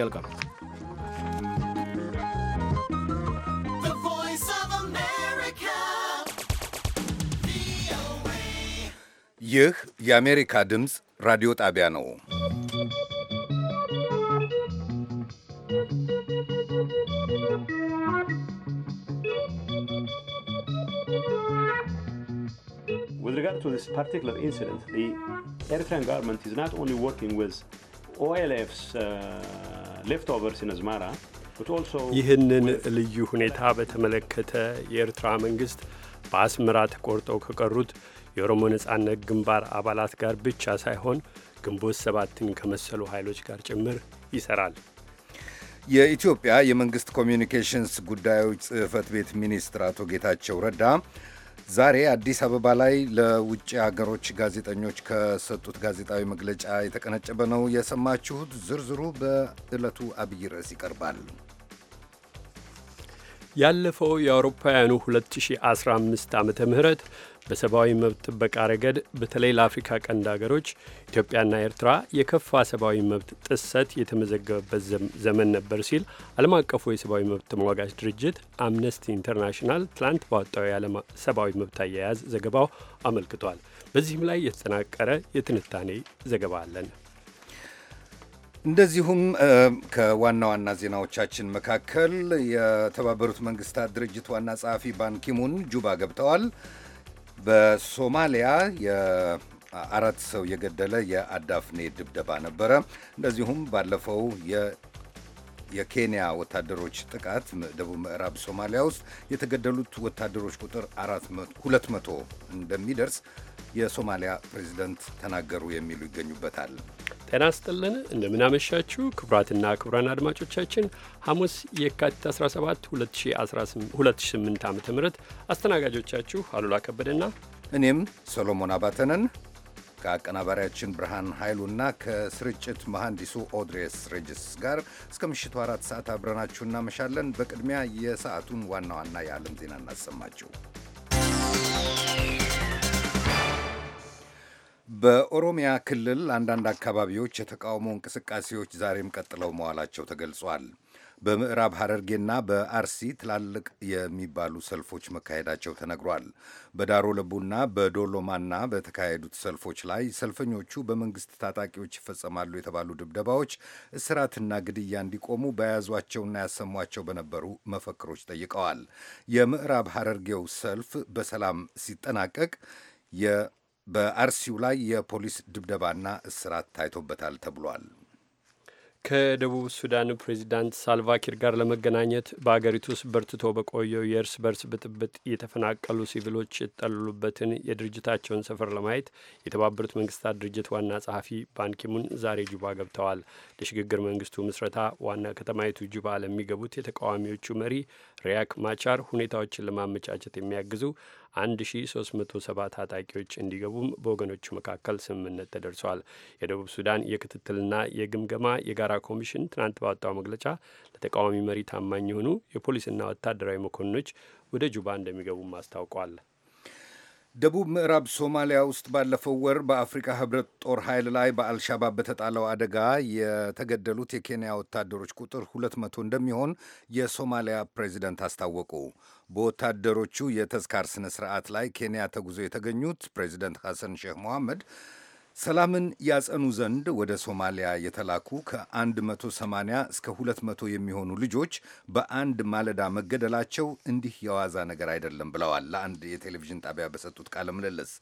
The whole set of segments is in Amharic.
കേൾക്കാം ይህ የአሜሪካ ድምፅ ራዲዮ ጣቢያ ነው። With regard to this particular incident, the Eritrean government is not only working with OLF's uh, ይህንን ልዩ ሁኔታ በተመለከተ የኤርትራ መንግስት በአስመራ ተቆርጠው ከቀሩት የኦሮሞ ነጻነት ግንባር አባላት ጋር ብቻ ሳይሆን ግንቦት ሰባትን ከመሰሉ ኃይሎች ጋር ጭምር ይሰራል። የኢትዮጵያ የመንግስት ኮሚዩኒኬሽንስ ጉዳዮች ጽሕፈት ቤት ሚኒስትር አቶ ጌታቸው ረዳ ዛሬ አዲስ አበባ ላይ ለውጭ ሀገሮች ጋዜጠኞች ከሰጡት ጋዜጣዊ መግለጫ የተቀነጨበ ነው የሰማችሁት። ዝርዝሩ በዕለቱ አብይ ርዕስ ይቀርባል። ያለፈው የአውሮፓውያኑ 2015 ዓመተ ምህረት በሰብአዊ መብት ጥበቃ ረገድ በተለይ ለአፍሪካ ቀንድ ሀገሮች ኢትዮጵያና ኤርትራ የከፋ ሰብአዊ መብት ጥሰት የተመዘገበበት ዘመን ነበር ሲል ዓለም አቀፉ የሰብአዊ መብት ተሟጋች ድርጅት አምነስቲ ኢንተርናሽናል ትላንት ባወጣው የዓለም ሰብአዊ መብት አያያዝ ዘገባው አመልክቷል። በዚህም ላይ የተጠናቀረ የትንታኔ ዘገባ አለን። እንደዚሁም ከዋና ዋና ዜናዎቻችን መካከል የተባበሩት መንግስታት ድርጅት ዋና ጸሐፊ ባንኪሙን ጁባ ገብተዋል። በሶማሊያ የአራት ሰው የገደለ የአዳፍኔ ድብደባ ነበረ። እንደዚሁም ባለፈው የኬንያ ወታደሮች ጥቃት ደቡብ ምዕራብ ሶማሊያ ውስጥ የተገደሉት ወታደሮች ቁጥር ሁለት መቶ እንደሚደርስ የሶማሊያ ፕሬዚደንት ተናገሩ የሚሉ ይገኙበታል። ጤና ስጥልን እንደምናመሻችሁ ክቡራትና ክቡራን አድማጮቻችን ሐሙስ የካቲት 17 2008 ዓ ም አስተናጋጆቻችሁ አሉላ ከበደና እኔም ሰሎሞን አባተነን ከአቀናባሪያችን ብርሃን ኃይሉና ከስርጭት መሐንዲሱ ኦድሬስ ሬጅስ ጋር እስከ ምሽቱ አራት ሰዓት አብረናችሁ እናመሻለን። በቅድሚያ የሰዓቱን ዋና ዋና የዓለም ዜና እናሰማችሁ። በኦሮሚያ ክልል አንዳንድ አካባቢዎች የተቃውሞ እንቅስቃሴዎች ዛሬም ቀጥለው መዋላቸው ተገልጿል። በምዕራብ ሐረርጌና በአርሲ ትላልቅ የሚባሉ ሰልፎች መካሄዳቸው ተነግሯል። በዳሮ ለቡና በዶሎማና በተካሄዱት ሰልፎች ላይ ሰልፈኞቹ በመንግስት ታጣቂዎች ይፈጸማሉ የተባሉ ድብደባዎች፣ እስራትና ግድያ እንዲቆሙ በያዟቸውና ያሰሟቸው በነበሩ መፈክሮች ጠይቀዋል። የምዕራብ ሐረርጌው ሰልፍ በሰላም ሲጠናቀቅ በአርሲው ላይ የፖሊስ ድብደባና እስራት ታይቶበታል ተብሏል። ከደቡብ ሱዳን ፕሬዚዳንት ሳልቫኪር ጋር ለመገናኘት በአገሪቱ ውስጥ በርትቶ በቆየው የእርስ በርስ ብጥብጥ የተፈናቀሉ ሲቪሎች የተጠለሉበትን የድርጅታቸውን ሰፈር ለማየት የተባበሩት መንግስታት ድርጅት ዋና ጸሐፊ ባንኪሙን ዛሬ ጁባ ገብተዋል። ለሽግግር መንግስቱ ምስረታ ዋና ከተማይቱ ጁባ ለሚገቡት የተቃዋሚዎቹ መሪ ሪያክ ማቻር ሁኔታዎችን ለማመቻቸት የሚያግዙ 1370 ታጣቂዎች እንዲገቡም በወገኖቹ መካከል ስምምነት ተደርሷል። የደቡብ ሱዳን የክትትልና የግምገማ የጋራ ኮሚሽን ትናንት ባወጣው መግለጫ ለተቃዋሚ መሪ ታማኝ የሆኑ የፖሊስና ወታደራዊ መኮንኖች ወደ ጁባ እንደሚገቡም አስታውቋል። ደቡብ ምዕራብ ሶማሊያ ውስጥ ባለፈው ወር በአፍሪካ ህብረት ጦር ኃይል ላይ በአልሻባብ በተጣለው አደጋ የተገደሉት የኬንያ ወታደሮች ቁጥር ሁለት መቶ እንደሚሆን የሶማሊያ ፕሬዚደንት አስታወቁ። በወታደሮቹ የተዝካር ስነ ስርዓት ላይ ኬንያ ተጉዞ የተገኙት ፕሬዚደንት ሐሰን ሼህ መሐመድ። ሰላምን ያጸኑ ዘንድ ወደ ሶማሊያ የተላኩ ከ180 እስከ 200 የሚሆኑ ልጆች በአንድ ማለዳ መገደላቸው እንዲህ የዋዛ ነገር አይደለም ብለዋል ለአንድ የቴሌቪዥን ጣቢያ በሰጡት ቃለ ምልልስ።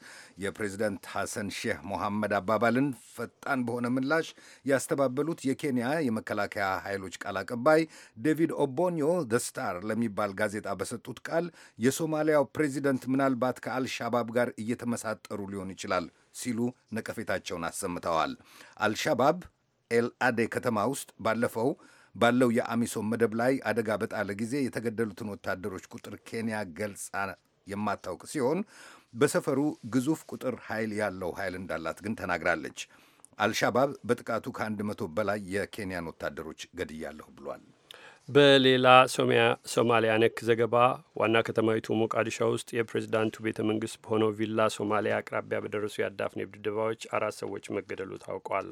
የፕሬዚደንት ሐሰን ሼህ ሞሐመድ አባባልን ፈጣን በሆነ ምላሽ ያስተባበሉት የኬንያ የመከላከያ ኃይሎች ቃል አቀባይ ዴቪድ ኦቦኒዮ ዘ ስታር ለሚባል ጋዜጣ በሰጡት ቃል የሶማሊያው ፕሬዚደንት ምናልባት ከአልሻባብ ጋር እየተመሳጠሩ ሊሆን ይችላል ሲሉ ነቀፌታቸውን አሰምተዋል። አልሻባብ ኤልአዴ ከተማ ውስጥ ባለፈው ባለው የአሚሶም መደብ ላይ አደጋ በጣለ ጊዜ የተገደሉትን ወታደሮች ቁጥር ኬንያ ገልጻ የማታውቅ ሲሆን በሰፈሩ ግዙፍ ቁጥር ኃይል ያለው ኃይል እንዳላት ግን ተናግራለች። አልሻባብ በጥቃቱ ከአንድ መቶ በላይ የኬንያን ወታደሮች ገድያለሁ ብሏል። በሌላ ሶማሊያ ነክ ዘገባ ዋና ከተማይቱ ሞቃዲሻ ውስጥ የፕሬዚዳንቱ ቤተ መንግስት በሆነው ቪላ ሶማሊያ አቅራቢያ በደረሱ የአዳፍኔ ድብደባዎች አራት ሰዎች መገደሉ ታውቋል።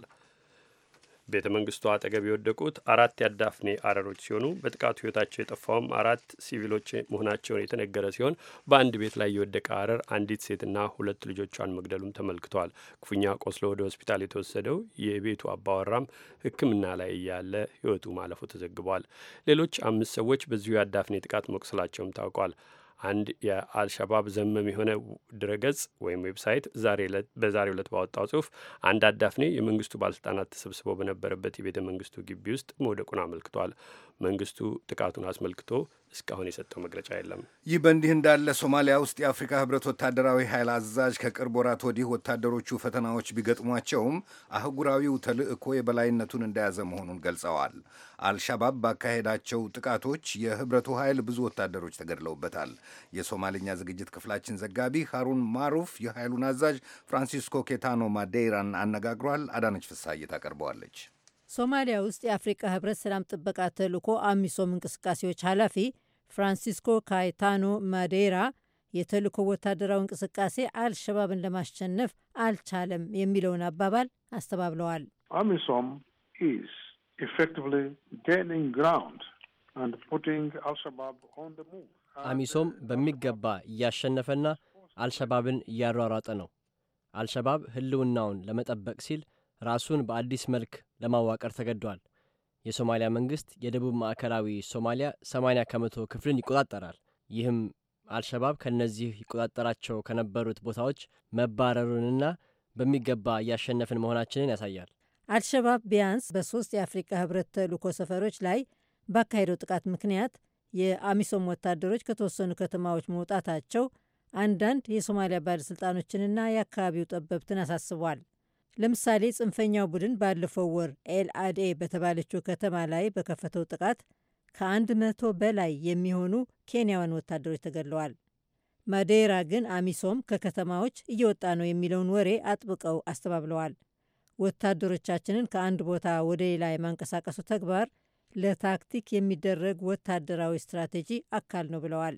ቤተ መንግስቱ አጠገብ የወደቁት አራት የአዳፍኔ አረሮች ሲሆኑ በጥቃቱ ህይወታቸው የጠፋውም አራት ሲቪሎች መሆናቸውን የተነገረ ሲሆን በአንድ ቤት ላይ የወደቀ አረር አንዲት ሴትና ሁለት ልጆቿን መግደሉም ተመልክቷል። ክፉኛ ቆስሎ ወደ ሆስፒታል የተወሰደው የቤቱ አባወራም ሕክምና ላይ እያለ ህይወቱ ማለፉ ተዘግቧል። ሌሎች አምስት ሰዎች በዚሁ የአዳፍኔ ጥቃት መቁሰላቸውም ታውቋል። አንድ የአልሸባብ ዘመም የሆነ ድረገጽ ወይም ዌብሳይት በዛሬ ዕለት ባወጣው ጽሁፍ አንድ አዳፍኔ የመንግስቱ ባለስልጣናት ተሰብስበው በነበረበት የቤተ መንግስቱ ግቢ ውስጥ መውደቁን አመልክቷል። መንግስቱ ጥቃቱን አስመልክቶ እስካሁን የሰጠው መግለጫ የለም። ይህ በእንዲህ እንዳለ ሶማሊያ ውስጥ የአፍሪካ ህብረት ወታደራዊ ኃይል አዛዥ ከቅርብ ወራት ወዲህ ወታደሮቹ ፈተናዎች ቢገጥሟቸውም አህጉራዊው ተልዕኮ የበላይነቱን እንደያዘ መሆኑን ገልጸዋል። አልሻባብ ባካሄዳቸው ጥቃቶች የህብረቱ ኃይል ብዙ ወታደሮች ተገድለውበታል። የሶማልኛ ዝግጅት ክፍላችን ዘጋቢ ሃሩን ማሩፍ የኃይሉን አዛዥ ፍራንሲስኮ ኬታኖ ማዴይራን አነጋግሯል። አዳነች ፍሳዬ ታቀርበዋለች። ሶማሊያ ውስጥ የአፍሪካ ህብረት ሰላም ጥበቃ ተልኮ አሚሶም እንቅስቃሴዎች ኃላፊ ፍራንሲስኮ ካይታኖ ማዴራ የተልኮ ወታደራዊ እንቅስቃሴ አልሸባብን ለማሸነፍ አልቻለም የሚለውን አባባል አስተባብለዋል። አሚሶም ኢዝ ኢፌክቲቭሊ ጌኒንግ ግራውንድ አንድ ፑቲንግ አልሸባብ ኦን ዘ ሙቭ አሚሶም በሚገባ እያሸነፈና አልሸባብን እያሯሯጠ ነው። አልሸባብ ህልውናውን ለመጠበቅ ሲል ራሱን በአዲስ መልክ ለማዋቀር ተገዷል። የሶማሊያ መንግስት የደቡብ ማዕከላዊ ሶማሊያ 80 ከመቶ ክፍልን ይቆጣጠራል። ይህም አልሸባብ ከነዚህ ይቆጣጠራቸው ከነበሩት ቦታዎች መባረሩንና በሚገባ እያሸነፍን መሆናችንን ያሳያል። አልሸባብ ቢያንስ በሶስት የአፍሪካ ህብረት ተልእኮ ሰፈሮች ላይ ባካሄደው ጥቃት ምክንያት የአሚሶም ወታደሮች ከተወሰኑ ከተማዎች መውጣታቸው አንዳንድ የሶማሊያ ባለሥልጣኖችንና የአካባቢው ጠበብትን አሳስቧል። ለምሳሌ ጽንፈኛው ቡድን ባለፈው ወር ኤልአዴ በተባለችው ከተማ ላይ በከፈተው ጥቃት ከአንድ መቶ በላይ የሚሆኑ ኬንያውያን ወታደሮች ተገድለዋል። ማዴራ ግን አሚሶም ከከተማዎች እየወጣ ነው የሚለውን ወሬ አጥብቀው አስተባብለዋል። ወታደሮቻችንን ከአንድ ቦታ ወደ ሌላ የማንቀሳቀሱ ተግባር ለታክቲክ የሚደረግ ወታደራዊ ስትራቴጂ አካል ነው ብለዋል።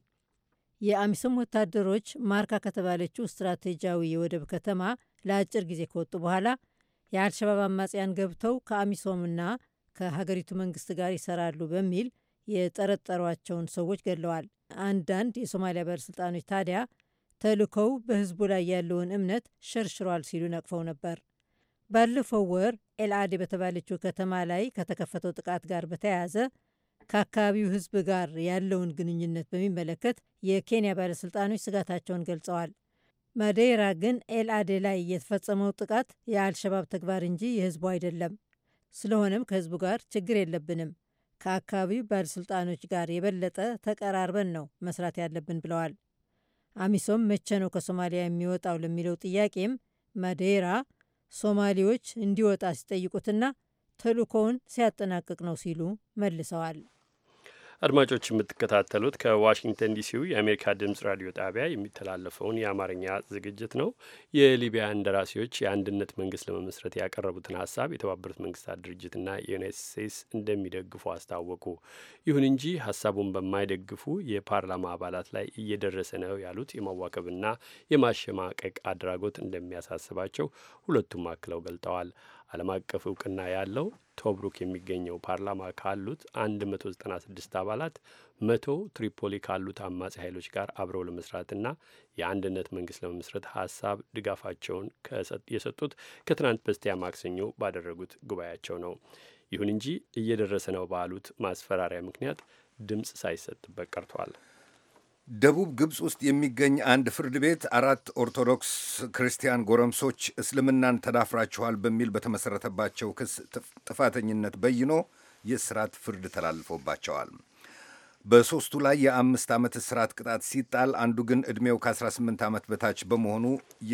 የአሚሶም ወታደሮች ማርካ ከተባለችው ስትራቴጂያዊ የወደብ ከተማ ለአጭር ጊዜ ከወጡ በኋላ የአልሸባብ አማጽያን ገብተው ከአሚሶምና ከሀገሪቱ መንግስት ጋር ይሰራሉ በሚል የጠረጠሯቸውን ሰዎች ገድለዋል። አንዳንድ የሶማሊያ ባለሥልጣኖች ታዲያ ተልእኮው በህዝቡ ላይ ያለውን እምነት ሸርሽሯል ሲሉ ነቅፈው ነበር። ባለፈው ወር ኤልአዴ በተባለችው ከተማ ላይ ከተከፈተው ጥቃት ጋር በተያያዘ ከአካባቢው ህዝብ ጋር ያለውን ግንኙነት በሚመለከት የኬንያ ባለሥልጣኖች ስጋታቸውን ገልጸዋል። ማዴራ ግን ኤልአዴ ላይ የተፈጸመው ጥቃት የአልሸባብ ተግባር እንጂ የህዝቡ አይደለም። ስለሆነም ከህዝቡ ጋር ችግር የለብንም፣ ከአካባቢው ባለሥልጣኖች ጋር የበለጠ ተቀራርበን ነው መስራት ያለብን ብለዋል። አሚሶም መቼ ነው ከሶማሊያ የሚወጣው ለሚለው ጥያቄም ማዴራ ሶማሌዎች እንዲወጣ ሲጠይቁትና ተልእኮውን ሲያጠናቅቅ ነው ሲሉ መልሰዋል። አድማጮች የምትከታተሉት ከዋሽንግተን ዲሲው የአሜሪካ ድምጽ ራዲዮ ጣቢያ የሚተላለፈውን የአማርኛ ዝግጅት ነው። የሊቢያ እንደራሴዎች የአንድነት መንግስት ለመመስረት ያቀረቡትን ሀሳብ የተባበሩት መንግስታት ድርጅትና የዩናይትድ ስቴትስ እንደሚደግፉ አስታወቁ። ይሁን እንጂ ሀሳቡን በማይደግፉ የፓርላማ አባላት ላይ እየደረሰ ነው ያሉት የማዋከብና የማሸማቀቅ አድራጎት እንደሚያሳስባቸው ሁለቱም አክለው ገልጠዋል። ዓለም አቀፍ እውቅና ያለው ቶብሩክ የሚገኘው ፓርላማ ካሉት 196 አባላት መቶ ትሪፖሊ ካሉት አማጺ ኃይሎች ጋር አብረው ለመስራትና የአንድነት መንግስት ለመመስረት ሀሳብ ድጋፋቸውን የሰጡት ከትናንት በስቲያ ማክሰኞ ባደረጉት ጉባኤያቸው ነው። ይሁን እንጂ እየደረሰ ነው ባሉት ማስፈራሪያ ምክንያት ድምፅ ሳይሰጥበት ቀርቷል። ደቡብ ግብፅ ውስጥ የሚገኝ አንድ ፍርድ ቤት አራት ኦርቶዶክስ ክርስቲያን ጎረምሶች እስልምናን ተዳፍራችኋል በሚል በተመሠረተባቸው ክስ ጥፋተኝነት በይኖ የእስራት ፍርድ ተላልፎባቸዋል። በሦስቱ ላይ የአምስት ዓመት እስራት ቅጣት ሲጣል አንዱ ግን ዕድሜው ከ18 ዓመት በታች በመሆኑ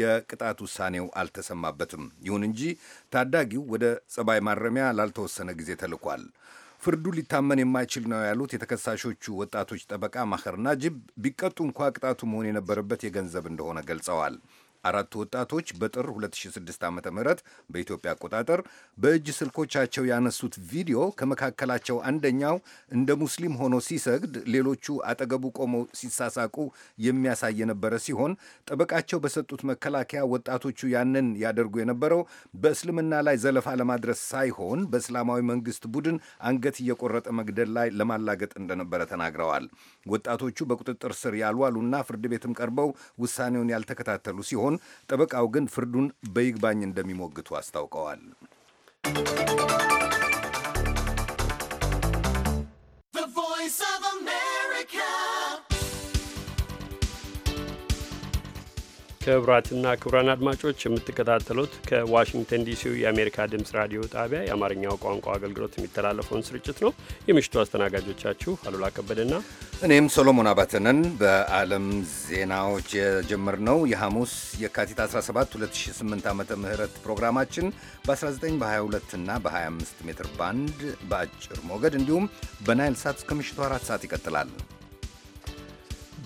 የቅጣት ውሳኔው አልተሰማበትም። ይሁን እንጂ ታዳጊው ወደ ጸባይ ማረሚያ ላልተወሰነ ጊዜ ተልኳል። ፍርዱ ሊታመን የማይችል ነው ያሉት የተከሳሾቹ ወጣቶች ጠበቃ ማኸር ናጅብ ቢቀጡ እንኳ ቅጣቱ መሆን የነበረበት የገንዘብ እንደሆነ ገልጸዋል። አራቱ ወጣቶች በጥር 2006 ዓ ም በኢትዮጵያ አቆጣጠር በእጅ ስልኮቻቸው ያነሱት ቪዲዮ ከመካከላቸው አንደኛው እንደ ሙስሊም ሆኖ ሲሰግድ፣ ሌሎቹ አጠገቡ ቆመው ሲሳሳቁ የሚያሳይ የነበረ ሲሆን ጠበቃቸው በሰጡት መከላከያ ወጣቶቹ ያንን ያደርጉ የነበረው በእስልምና ላይ ዘለፋ ለማድረስ ሳይሆን በእስላማዊ መንግስት ቡድን አንገት እየቆረጠ መግደል ላይ ለማላገጥ እንደነበረ ተናግረዋል። ወጣቶቹ በቁጥጥር ስር ያልዋሉና ፍርድ ቤትም ቀርበው ውሳኔውን ያልተከታተሉ ሲሆን ሲሆን ጠበቃው ግን ፍርዱን በይግባኝ እንደሚሞግቱ አስታውቀዋል። ክቡራትና ክቡራን አድማጮች የምትከታተሉት ከዋሽንግተን ዲሲው የአሜሪካ ድምፅ ራዲዮ ጣቢያ የአማርኛው ቋንቋ አገልግሎት የሚተላለፈውን ስርጭት ነው። የምሽቱ አስተናጋጆቻችሁ አሉላ ከበደና እኔም ሶሎሞን አባተንን በዓለም ዜናዎች የጀመርነው የሐሙስ የካቲት 17 2008 ዓ ም ፕሮግራማችን በ19 በ22 እና በ25 ሜትር ባንድ በአጭር ሞገድ እንዲሁም በናይል ሳት እስከ ምሽቱ አራት ሰዓት ይቀጥላል።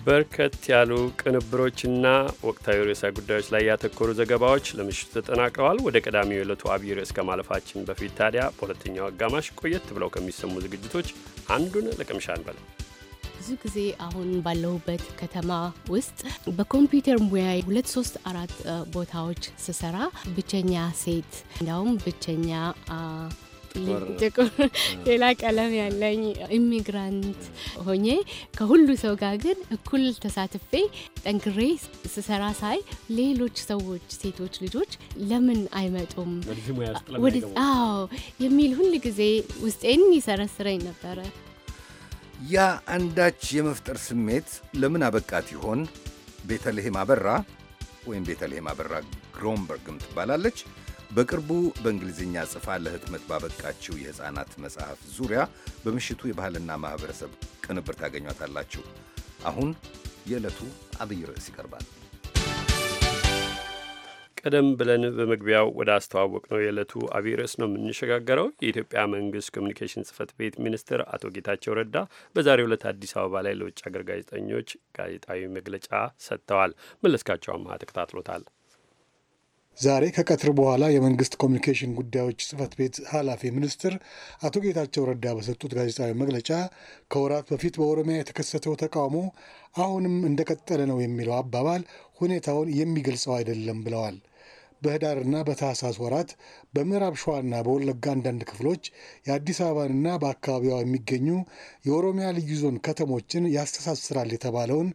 በርከት ያሉ ቅንብሮችና ወቅታዊ ርዕሰ ጉዳዮች ላይ ያተኮሩ ዘገባዎች ለምሽቱ ተጠናቀዋል። ወደ ቀዳሚው የዕለቱ አብይ ርዕስ ከማለፋችን በፊት ታዲያ በሁለተኛው አጋማሽ ቆየት ብለው ከሚሰሙ ዝግጅቶች አንዱን ለቅምሻ እንበል። ብዙ ጊዜ አሁን ባለሁበት ከተማ ውስጥ በኮምፒውተር ሙያ ሁለት ሶስት አራት ቦታዎች ስሰራ ብቸኛ ሴት እንዲያውም ብቸኛ ሌላ ቀለም ያለኝ ኢሚግራንት ሆኜ ከሁሉ ሰው ጋር ግን እኩል ተሳትፌ ጠንክሬ ስሰራ ሳይ ሌሎች ሰዎች ሴቶች ልጆች ለምን አይመጡም አዎ የሚል ሁል ጊዜ ውስጤን ይሰረስረኝ ነበረ። ያ አንዳች የመፍጠር ስሜት ለምን አበቃት ይሆን? ቤተልሔም አበራ ወይም ቤተልሔም አበራ ግሮንበርግም ትባላለች። በቅርቡ በእንግሊዝኛ ጽፋ ለህትመት ባበቃችው የሕፃናት መጽሐፍ ዙሪያ በምሽቱ የባህልና ማኅበረሰብ ቅንብር ታገኟታላችሁ። አሁን የዕለቱ አብይ ርዕስ ይቀርባል። ቀደም ብለን በመግቢያው ወደ አስተዋወቅ ነው የዕለቱ አብይ ርዕስ ነው የምንሸጋገረው። የኢትዮጵያ መንግስት ኮሚኒኬሽን ጽህፈት ቤት ሚኒስትር አቶ ጌታቸው ረዳ በዛሬው ዕለት አዲስ አበባ ላይ ለውጭ ሀገር ጋዜጠኞች ጋዜጣዊ መግለጫ ሰጥተዋል። መለስካቸው ተከታትሎታል። ዛሬ ከቀትር በኋላ የመንግስት ኮሚኒኬሽን ጉዳዮች ጽህፈት ቤት ኃላፊ ሚኒስትር አቶ ጌታቸው ረዳ በሰጡት ጋዜጣዊ መግለጫ ከወራት በፊት በኦሮሚያ የተከሰተው ተቃውሞ አሁንም እንደቀጠለ ነው የሚለው አባባል ሁኔታውን የሚገልጸው አይደለም ብለዋል። በህዳርና በታህሳስ ወራት በምዕራብ ሸዋና በወለጋ አንዳንድ ክፍሎች የአዲስ አበባንና በአካባቢዋ የሚገኙ የኦሮሚያ ልዩ ዞን ከተሞችን ያስተሳስራል የተባለውን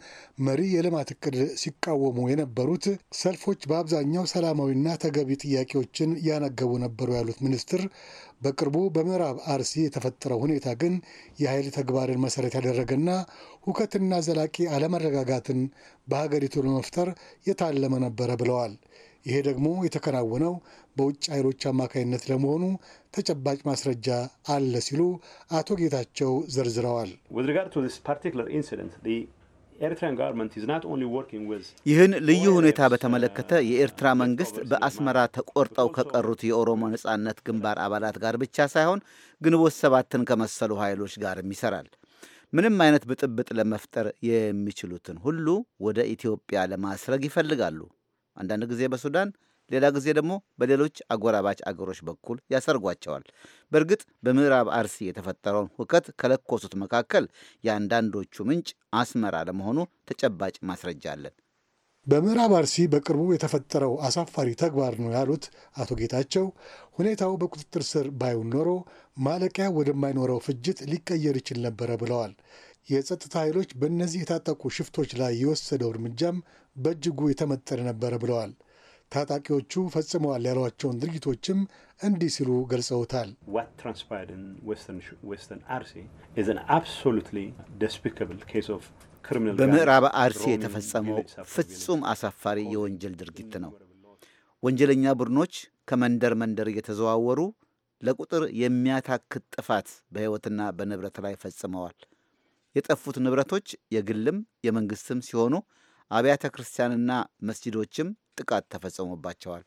መሪ የልማት እቅድ ሲቃወሙ የነበሩት ሰልፎች በአብዛኛው ሰላማዊና ተገቢ ጥያቄዎችን ያነገቡ ነበሩ ያሉት ሚኒስትር በቅርቡ በምዕራብ አርሲ የተፈጠረው ሁኔታ ግን የኃይል ተግባርን መሰረት ያደረገና ሁከትና ዘላቂ አለመረጋጋትን በሀገሪቱ ለመፍጠር የታለመ ነበረ ብለዋል። ይሄ ደግሞ የተከናወነው በውጭ ኃይሎች አማካኝነት ለመሆኑ ተጨባጭ ማስረጃ አለ ሲሉ አቶ ጌታቸው ዘርዝረዋል። ይህን ልዩ ሁኔታ በተመለከተ የኤርትራ መንግስት በአስመራ ተቆርጠው ከቀሩት የኦሮሞ ነጻነት ግንባር አባላት ጋር ብቻ ሳይሆን ግንቦት ሰባትን ከመሰሉ ኃይሎች ጋርም ይሰራል። ምንም አይነት ብጥብጥ ለመፍጠር የሚችሉትን ሁሉ ወደ ኢትዮጵያ ለማስረግ ይፈልጋሉ። አንዳንድ ጊዜ በሱዳን ሌላ ጊዜ ደግሞ በሌሎች አጎራባች አገሮች በኩል ያሰርጓቸዋል። በእርግጥ በምዕራብ አርሲ የተፈጠረውን ሁከት ከለኮሱት መካከል የአንዳንዶቹ ምንጭ አስመራ ለመሆኑ ተጨባጭ ማስረጃ አለን። በምዕራብ አርሲ በቅርቡ የተፈጠረው አሳፋሪ ተግባር ነው ያሉት አቶ ጌታቸው ሁኔታው በቁጥጥር ስር ባይውን ኖሮ ማለቂያ ወደማይኖረው ፍጅት ሊቀየር ይችል ነበረ ብለዋል። የጸጥታ ኃይሎች በእነዚህ የታጠቁ ሽፍቶች ላይ የወሰደው እርምጃም በእጅጉ የተመጠነ ነበረ ብለዋል። ታጣቂዎቹ ፈጽመዋል ያሏቸውን ድርጊቶችም እንዲህ ሲሉ ገልጸውታል። በምዕራብ አርሲ የተፈጸመው ፍጹም አሳፋሪ የወንጀል ድርጊት ነው። ወንጀለኛ ቡድኖች ከመንደር መንደር እየተዘዋወሩ ለቁጥር የሚያታክት ጥፋት በሕይወትና በንብረት ላይ ፈጽመዋል። የጠፉት ንብረቶች የግልም የመንግስትም ሲሆኑ አብያተ ክርስቲያንና መስጂዶችም ጥቃት ተፈጽሞባቸዋል።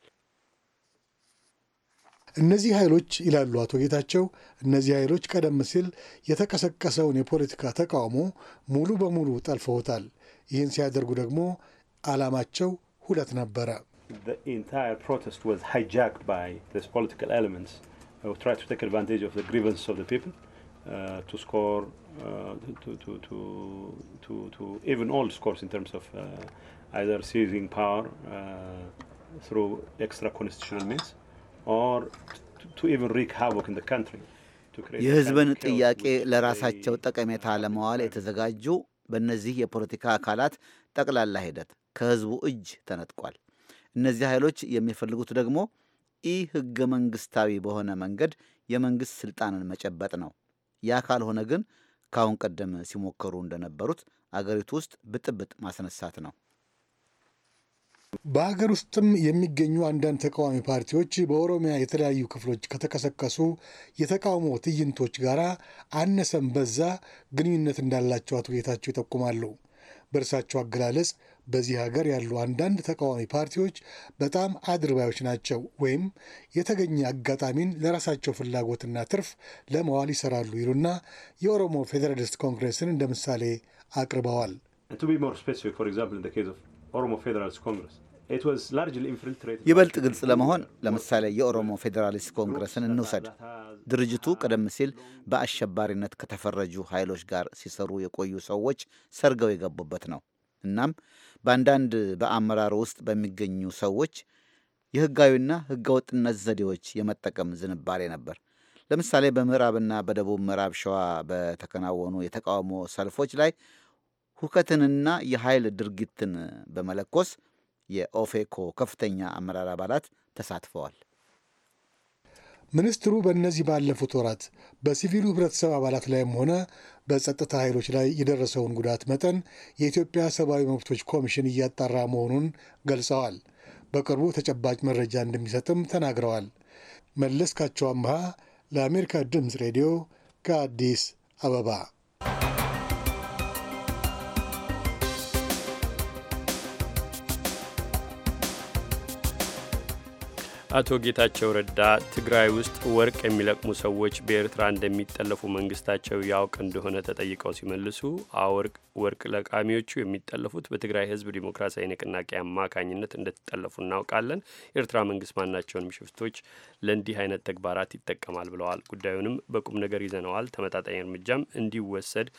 እነዚህ ኃይሎች ይላሉ አቶ ጌታቸው፣ እነዚህ ኃይሎች ቀደም ሲል የተቀሰቀሰውን የፖለቲካ ተቃውሞ ሙሉ በሙሉ ጠልፈውታል። ይህን ሲያደርጉ ደግሞ ዓላማቸው ሁለት ነበረ። ፕሮቴስት uh, to score, uh, to, to, to, to, to even all scores in terms of uh, either seizing power uh, through extra constitutional means or to even wreak havoc in the country. የህዝብን ጥያቄ ለራሳቸው ጠቀሜታ ለመዋል የተዘጋጁ በእነዚህ የፖለቲካ አካላት ጠቅላላ ሂደት ከህዝቡ እጅ ተነጥቋል። እነዚህ ኃይሎች የሚፈልጉት ደግሞ ኢ ህገ መንግስታዊ በሆነ መንገድ የመንግስት ስልጣንን መጨበጥ ነው። ያ ካልሆነ ግን ከአሁን ቀደም ሲሞከሩ እንደነበሩት አገሪቱ ውስጥ ብጥብጥ ማስነሳት ነው። በሀገር ውስጥም የሚገኙ አንዳንድ ተቃዋሚ ፓርቲዎች በኦሮሚያ የተለያዩ ክፍሎች ከተቀሰቀሱ የተቃውሞ ትዕይንቶች ጋር አነሰም በዛ ግንኙነት እንዳላቸው አቶ ጌታቸው ይጠቁማሉ። በእርሳቸው አገላለጽ በዚህ ሀገር ያሉ አንዳንድ ተቃዋሚ ፓርቲዎች በጣም አድርባዮች ናቸው ወይም የተገኘ አጋጣሚን ለራሳቸው ፍላጎትና ትርፍ ለመዋል ይሰራሉ ይሉና የኦሮሞ ፌዴራሊስት ኮንግረስን እንደ ምሳሌ አቅርበዋል። ይበልጥ ግልጽ ለመሆን ለምሳሌ የኦሮሞ ፌዴራሊስት ኮንግረስን እንውሰድ። ድርጅቱ ቀደም ሲል በአሸባሪነት ከተፈረጁ ኃይሎች ጋር ሲሰሩ የቆዩ ሰዎች ሰርገው የገቡበት ነው። እናም በአንዳንድ በአመራር ውስጥ በሚገኙ ሰዎች የህጋዊና ህገወጥነት ዘዴዎች የመጠቀም ዝንባሌ ነበር። ለምሳሌ በምዕራብና በደቡብ ምዕራብ ሸዋ በተከናወኑ የተቃውሞ ሰልፎች ላይ ሁከትንና የኃይል ድርጊትን በመለኮስ የኦፌኮ ከፍተኛ አመራር አባላት ተሳትፈዋል። ሚኒስትሩ በእነዚህ ባለፉት ወራት በሲቪሉ ህብረተሰብ አባላት ላይም ሆነ በጸጥታ ኃይሎች ላይ የደረሰውን ጉዳት መጠን የኢትዮጵያ ሰብአዊ መብቶች ኮሚሽን እያጣራ መሆኑን ገልጸዋል። በቅርቡ ተጨባጭ መረጃ እንደሚሰጥም ተናግረዋል። መለስካቸው አምሃ ለአሜሪካ ድምፅ ሬዲዮ ከአዲስ አበባ አቶ ጌታቸው ረዳ ትግራይ ውስጥ ወርቅ የሚለቅሙ ሰዎች በኤርትራ እንደሚጠለፉ መንግስታቸው ያውቅ እንደሆነ ተጠይቀው ሲመልሱ አወርቅ ወርቅ ለቃሚዎቹ የሚጠለፉት በትግራይ ህዝብ ዲሞክራሲያዊ ንቅናቄ አማካኝነት እንደተጠለፉ እናውቃለን። የኤርትራ መንግስት ማናቸውንም ሽፍቶች ለእንዲህ አይነት ተግባራት ይጠቀማል ብለዋል። ጉዳዩንም በቁም ነገር ይዘነዋል፣ ተመጣጣኝ እርምጃም እንዲወሰድ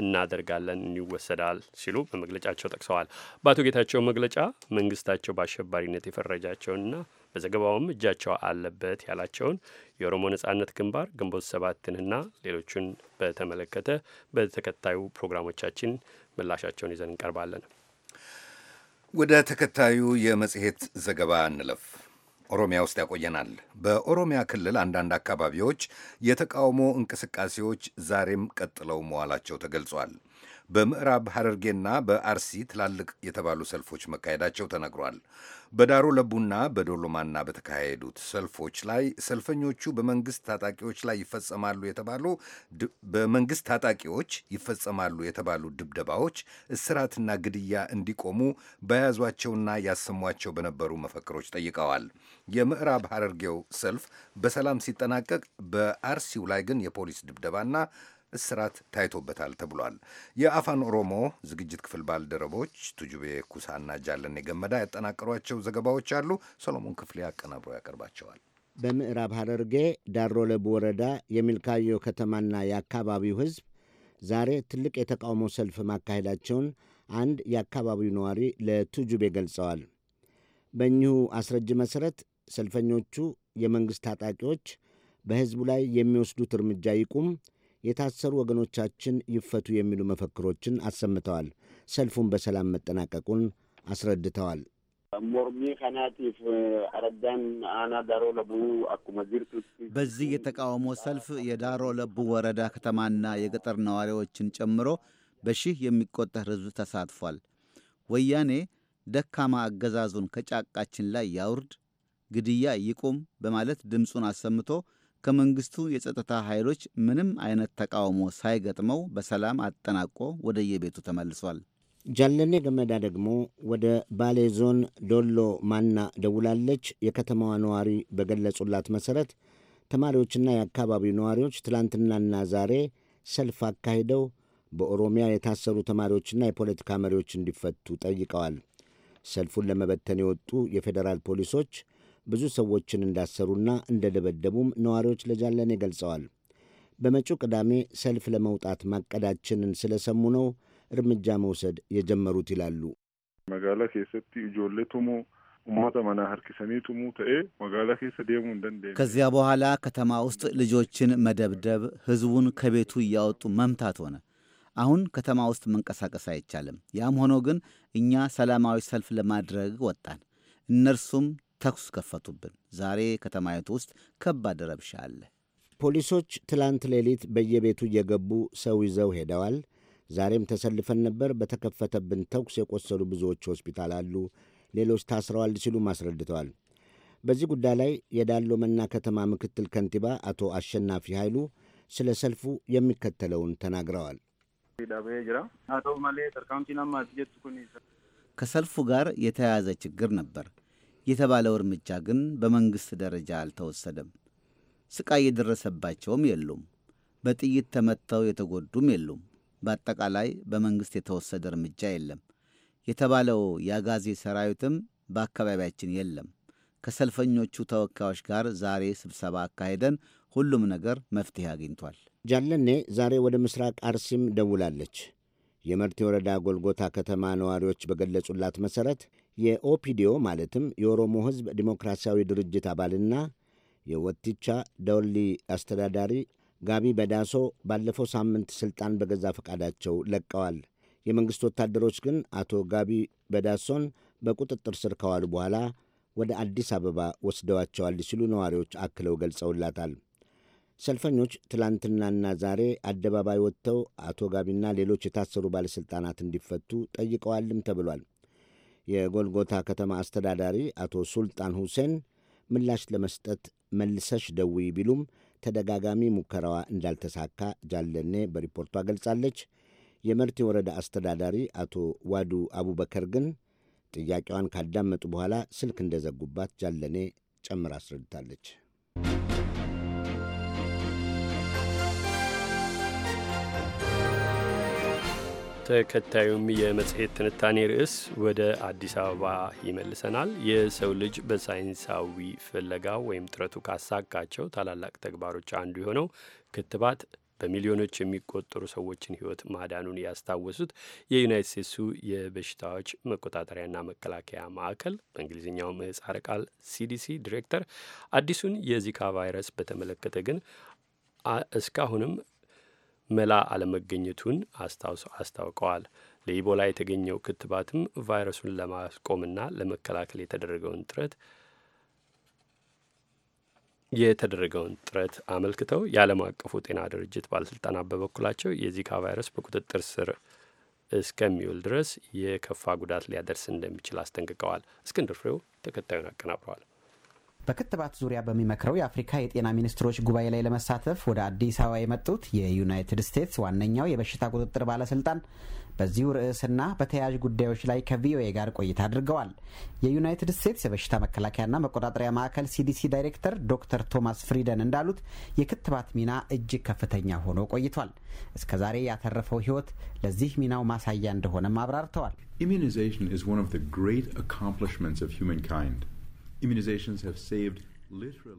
እናደርጋለን እንወሰዳል ሲሉ በመግለጫቸው ጠቅሰዋል። በአቶ ጌታቸው መግለጫ መንግስታቸው በአሸባሪነት የፈረጃቸውንና በዘገባውም እጃቸው አለበት ያላቸውን የኦሮሞ ነጻነት ግንባር ግንቦት ሰባትንና ሌሎቹን በተመለከተ በተከታዩ ፕሮግራሞቻችን ምላሻቸውን ይዘን እንቀርባለን። ወደ ተከታዩ የመጽሔት ዘገባ እንለፍ። ኦሮሚያ ውስጥ ያቆየናል። በኦሮሚያ ክልል አንዳንድ አካባቢዎች የተቃውሞ እንቅስቃሴዎች ዛሬም ቀጥለው መዋላቸው ተገልጿል። በምዕራብ ሐረርጌና በአርሲ ትላልቅ የተባሉ ሰልፎች መካሄዳቸው ተነግሯል። በዳሮ ለቡና በዶሎማና በተካሄዱት ሰልፎች ላይ ሰልፈኞቹ በመንግስት ታጣቂዎች ላይ ይፈጸማሉ የተባሉ በመንግስት ታጣቂዎች ይፈጸማሉ የተባሉ ድብደባዎች፣ እስራትና ግድያ እንዲቆሙ በያዟቸውና ያሰሟቸው በነበሩ መፈክሮች ጠይቀዋል። የምዕራብ ሐረርጌው ሰልፍ በሰላም ሲጠናቀቅ በአርሲው ላይ ግን የፖሊስ ድብደባና እስራት ታይቶበታል ተብሏል። የአፋን ኦሮሞ ዝግጅት ክፍል ባልደረቦች ቱጁቤ ኩሳና ጃለኔ ገመዳ ያጠናቀሯቸው ዘገባዎች አሉ። ሰሎሞን ክፍሌ አቀናብሮ ያቀርባቸዋል። በምዕራብ ሐረርጌ ዳሮ ለቡ ወረዳ የሚልካዮ ከተማና የአካባቢው ሕዝብ ዛሬ ትልቅ የተቃውሞ ሰልፍ ማካሄዳቸውን አንድ የአካባቢው ነዋሪ ለቱጁቤ ገልጸዋል። በእኚሁ አስረጅ መሠረት ሰልፈኞቹ የመንግሥት ታጣቂዎች በሕዝቡ ላይ የሚወስዱት እርምጃ ይቁም፣ የታሰሩ ወገኖቻችን ይፈቱ የሚሉ መፈክሮችን አሰምተዋል። ሰልፉን በሰላም መጠናቀቁን አስረድተዋል። በዚህ የተቃውሞ ሰልፍ የዳሮ ለቡ ወረዳ ከተማና የገጠር ነዋሪዎችን ጨምሮ በሺህ የሚቆጠር ሕዝብ ተሳትፏል። ወያኔ ደካማ አገዛዙን ከጫቃችን ላይ ያውርድ፣ ግድያ ይቁም በማለት ድምፁን አሰምቶ ከመንግስቱ የጸጥታ ኃይሎች ምንም አይነት ተቃውሞ ሳይገጥመው በሰላም አጠናቆ ወደየቤቱ ተመልሷል። ጃለኔ ገመዳ ደግሞ ወደ ባሌ ዞን ዶሎ ማና ደውላለች። የከተማዋ ነዋሪ በገለጹላት መሠረት ተማሪዎችና የአካባቢው ነዋሪዎች ትላንትናና ዛሬ ሰልፍ አካሂደው በኦሮሚያ የታሰሩ ተማሪዎችና የፖለቲካ መሪዎች እንዲፈቱ ጠይቀዋል። ሰልፉን ለመበተን የወጡ የፌዴራል ፖሊሶች ብዙ ሰዎችን እንዳሰሩና እንደደበደቡም ነዋሪዎች ለጃለኔ ገልጸዋል። በመጪው ቅዳሜ ሰልፍ ለመውጣት ማቀዳችንን ስለሰሙ ነው እርምጃ መውሰድ የጀመሩት ይላሉ። መጋላ ኬሰቲ ኢጆሌ ቱሙ ኡማተ መና ሀርኪሰኒ ቱሙ ተኤ መጋላ ኬሰ ደሙ እንደንደ ከዚያ በኋላ ከተማ ውስጥ ልጆችን መደብደብ፣ ህዝቡን ከቤቱ እያወጡ መምታት ሆነ። አሁን ከተማ ውስጥ መንቀሳቀስ አይቻልም። ያም ሆኖ ግን እኛ ሰላማዊ ሰልፍ ለማድረግ ወጣን። እነርሱም ተኩስ ከፈቱብን። ዛሬ ከተማይቱ ውስጥ ከባድ ረብሻ አለ። ፖሊሶች ትላንት ሌሊት በየቤቱ እየገቡ ሰው ይዘው ሄደዋል። ዛሬም ተሰልፈን ነበር። በተከፈተብን ተኩስ የቆሰሉ ብዙዎች ሆስፒታል አሉ፣ ሌሎች ታስረዋል ሲሉ አስረድተዋል። በዚህ ጉዳይ ላይ የዳሎመና ከተማ ምክትል ከንቲባ አቶ አሸናፊ ኃይሉ ስለ ሰልፉ የሚከተለውን ተናግረዋል። ከሰልፉ ጋር የተያያዘ ችግር ነበር። የተባለው እርምጃ ግን በመንግሥት ደረጃ አልተወሰደም። ስቃይ የደረሰባቸውም የሉም። በጥይት ተመትተው የተጎዱም የሉም። በአጠቃላይ በመንግሥት የተወሰደ እርምጃ የለም። የተባለው የአጋዜ ሰራዊትም በአካባቢያችን የለም። ከሰልፈኞቹ ተወካዮች ጋር ዛሬ ስብሰባ አካሄደን ሁሉም ነገር መፍትሄ አግኝቷል። ጃለኔ ዛሬ ወደ ምስራቅ አርሲም ደውላለች። የመርቴ ወረዳ ጎልጎታ ከተማ ነዋሪዎች በገለጹላት መሠረት የኦፒዲዮ ማለትም የኦሮሞ ሕዝብ ዲሞክራሲያዊ ድርጅት አባልና የወቲቻ ደወሊ አስተዳዳሪ ጋቢ በዳሶ ባለፈው ሳምንት ሥልጣን በገዛ ፈቃዳቸው ለቀዋል። የመንግሥት ወታደሮች ግን አቶ ጋቢ በዳሶን በቁጥጥር ስር ከዋሉ በኋላ ወደ አዲስ አበባ ወስደዋቸዋል ሲሉ ነዋሪዎች አክለው ገልጸውላታል። ሰልፈኞች ትላንትናና ዛሬ አደባባይ ወጥተው አቶ ጋቢና ሌሎች የታሰሩ ባለሥልጣናት እንዲፈቱ ጠይቀዋልም ተብሏል። የጎልጎታ ከተማ አስተዳዳሪ አቶ ሱልጣን ሁሴን ምላሽ ለመስጠት መልሰሽ ደውዪ ቢሉም ተደጋጋሚ ሙከራዋ እንዳልተሳካ ጃለኔ በሪፖርቷ ገልጻለች። የመርቲ ወረዳ አስተዳዳሪ አቶ ዋዱ አቡበከር ግን ጥያቄዋን ካዳመጡ በኋላ ስልክ እንደዘጉባት ጃለኔ ጨምራ አስረድታለች። ተከታዩም የመጽሔት ትንታኔ ርዕስ ወደ አዲስ አበባ ይመልሰናል። የሰው ልጅ በሳይንሳዊ ፍለጋው ወይም ጥረቱ ካሳካቸው ታላላቅ ተግባሮች አንዱ የሆነው ክትባት በሚሊዮኖች የሚቆጠሩ ሰዎችን ሕይወት ማዳኑን ያስታወሱት የዩናይት ስቴትሱ የበሽታዎች መቆጣጠሪያና መከላከያ ማዕከል በእንግሊዝኛው ምህጻረ ቃል ሲዲሲ ዲሬክተር አዲሱን የዚካ ቫይረስ በተመለከተ ግን እስካሁንም መላ አለመገኘቱን አስታውቀዋል። ለኢቦላ የተገኘው ክትባትም ቫይረሱን ለማስቆምና ለመከላከል የተደረገውን ጥረት የተደረገውን ጥረት አመልክተው የዓለም አቀፉ ጤና ድርጅት ባለስልጣናት በበኩላቸው የዚካ ቫይረስ በቁጥጥር ስር እስከሚውል ድረስ የከፋ ጉዳት ሊያደርስ እንደሚችል አስጠንቅቀዋል። እስክንድር ፍሬው ተከታዩን አቀናብረዋል። በክትባት ዙሪያ በሚመክረው የአፍሪካ የጤና ሚኒስትሮች ጉባኤ ላይ ለመሳተፍ ወደ አዲስ አበባ የመጡት የዩናይትድ ስቴትስ ዋነኛው የበሽታ ቁጥጥር ባለስልጣን በዚሁ ርዕስና በተያያዥ ጉዳዮች ላይ ከቪኦኤ ጋር ቆይታ አድርገዋል። የዩናይትድ ስቴትስ የበሽታ መከላከያና መቆጣጠሪያ ማዕከል ሲዲሲ ዳይሬክተር ዶክተር ቶማስ ፍሪደን እንዳሉት የክትባት ሚና እጅግ ከፍተኛ ሆኖ ቆይቷል። እስከዛሬ ያተረፈው ሕይወት ለዚህ ሚናው ማሳያ እንደሆነም አብራርተዋል። ኢሚዩናይዜሽን ኢዝ ዋን ኦፍ ዘ ግሬት አካምፕሊሽመንትስ ኦፍ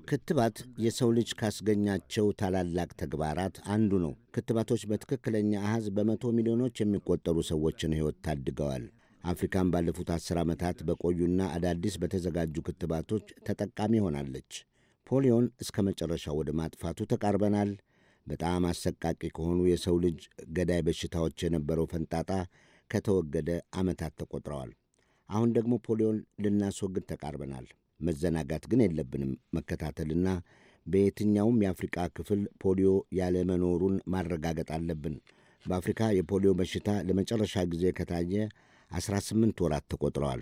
ክትባት የሰው ልጅ ካስገኛቸው ታላላቅ ተግባራት አንዱ ነው። ክትባቶች በትክክለኛ አሃዝ በመቶ ሚሊዮኖች የሚቆጠሩ ሰዎችን ሕይወት ታድገዋል። አፍሪካን ባለፉት አስር ዓመታት በቆዩና አዳዲስ በተዘጋጁ ክትባቶች ተጠቃሚ ሆናለች። ፖሊዮን እስከ መጨረሻው ወደ ማጥፋቱ ተቃርበናል። በጣም አሰቃቂ ከሆኑ የሰው ልጅ ገዳይ በሽታዎች የነበረው ፈንጣጣ ከተወገደ ዓመታት ተቆጥረዋል። አሁን ደግሞ ፖሊዮን ልናስወግድ ተቃርበናል። መዘናጋት ግን የለብንም መከታተልና በየትኛውም የአፍሪቃ ክፍል ፖሊዮ ያለመኖሩን ማረጋገጥ አለብን። በአፍሪካ የፖሊዮ በሽታ ለመጨረሻ ጊዜ ከታየ 18 ወራት ተቆጥረዋል።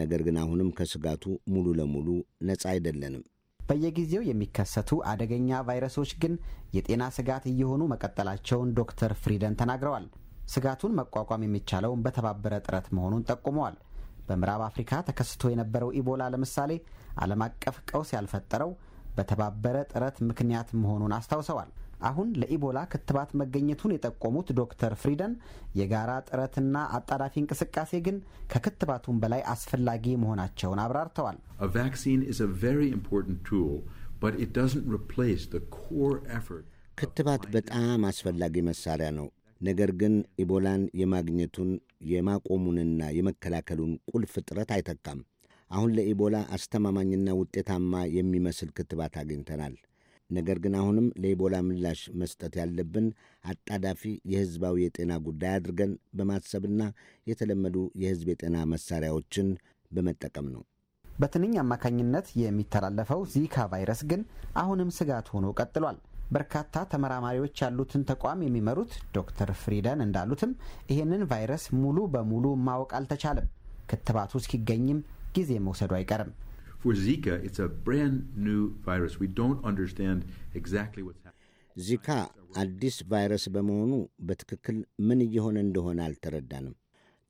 ነገር ግን አሁንም ከስጋቱ ሙሉ ለሙሉ ነፃ አይደለንም። በየጊዜው የሚከሰቱ አደገኛ ቫይረሶች ግን የጤና ስጋት እየሆኑ መቀጠላቸውን ዶክተር ፍሪደን ተናግረዋል። ስጋቱን መቋቋም የሚቻለውን በተባበረ ጥረት መሆኑን ጠቁመዋል። በምዕራብ አፍሪካ ተከስቶ የነበረው ኢቦላ ለምሳሌ ዓለም አቀፍ ቀውስ ያልፈጠረው በተባበረ ጥረት ምክንያት መሆኑን አስታውሰዋል። አሁን ለኢቦላ ክትባት መገኘቱን የጠቆሙት ዶክተር ፍሪደን የጋራ ጥረትና አጣዳፊ እንቅስቃሴ ግን ከክትባቱም በላይ አስፈላጊ መሆናቸውን አብራርተዋል። ክትባት በጣም አስፈላጊ መሳሪያ ነው፣ ነገር ግን ኢቦላን የማግኘቱን የማቆሙንና የመከላከሉን ቁልፍ ጥረት አይተካም። አሁን ለኢቦላ አስተማማኝና ውጤታማ የሚመስል ክትባት አግኝተናል። ነገር ግን አሁንም ለኢቦላ ምላሽ መስጠት ያለብን አጣዳፊ የሕዝባዊ የጤና ጉዳይ አድርገን በማሰብና የተለመዱ የሕዝብ የጤና መሳሪያዎችን በመጠቀም ነው። በትንኝ አማካኝነት የሚተላለፈው ዚካ ቫይረስ ግን አሁንም ስጋት ሆኖ ቀጥሏል። በርካታ ተመራማሪዎች ያሉትን ተቋም የሚመሩት ዶክተር ፍሪደን እንዳሉትም ይህንን ቫይረስ ሙሉ በሙሉ ማወቅ አልተቻለም። ክትባቱ እስኪገኝም ጊዜ መውሰዱ አይቀርም። ዚካ አዲስ ቫይረስ በመሆኑ በትክክል ምን እየሆነ እንደሆነ አልተረዳንም።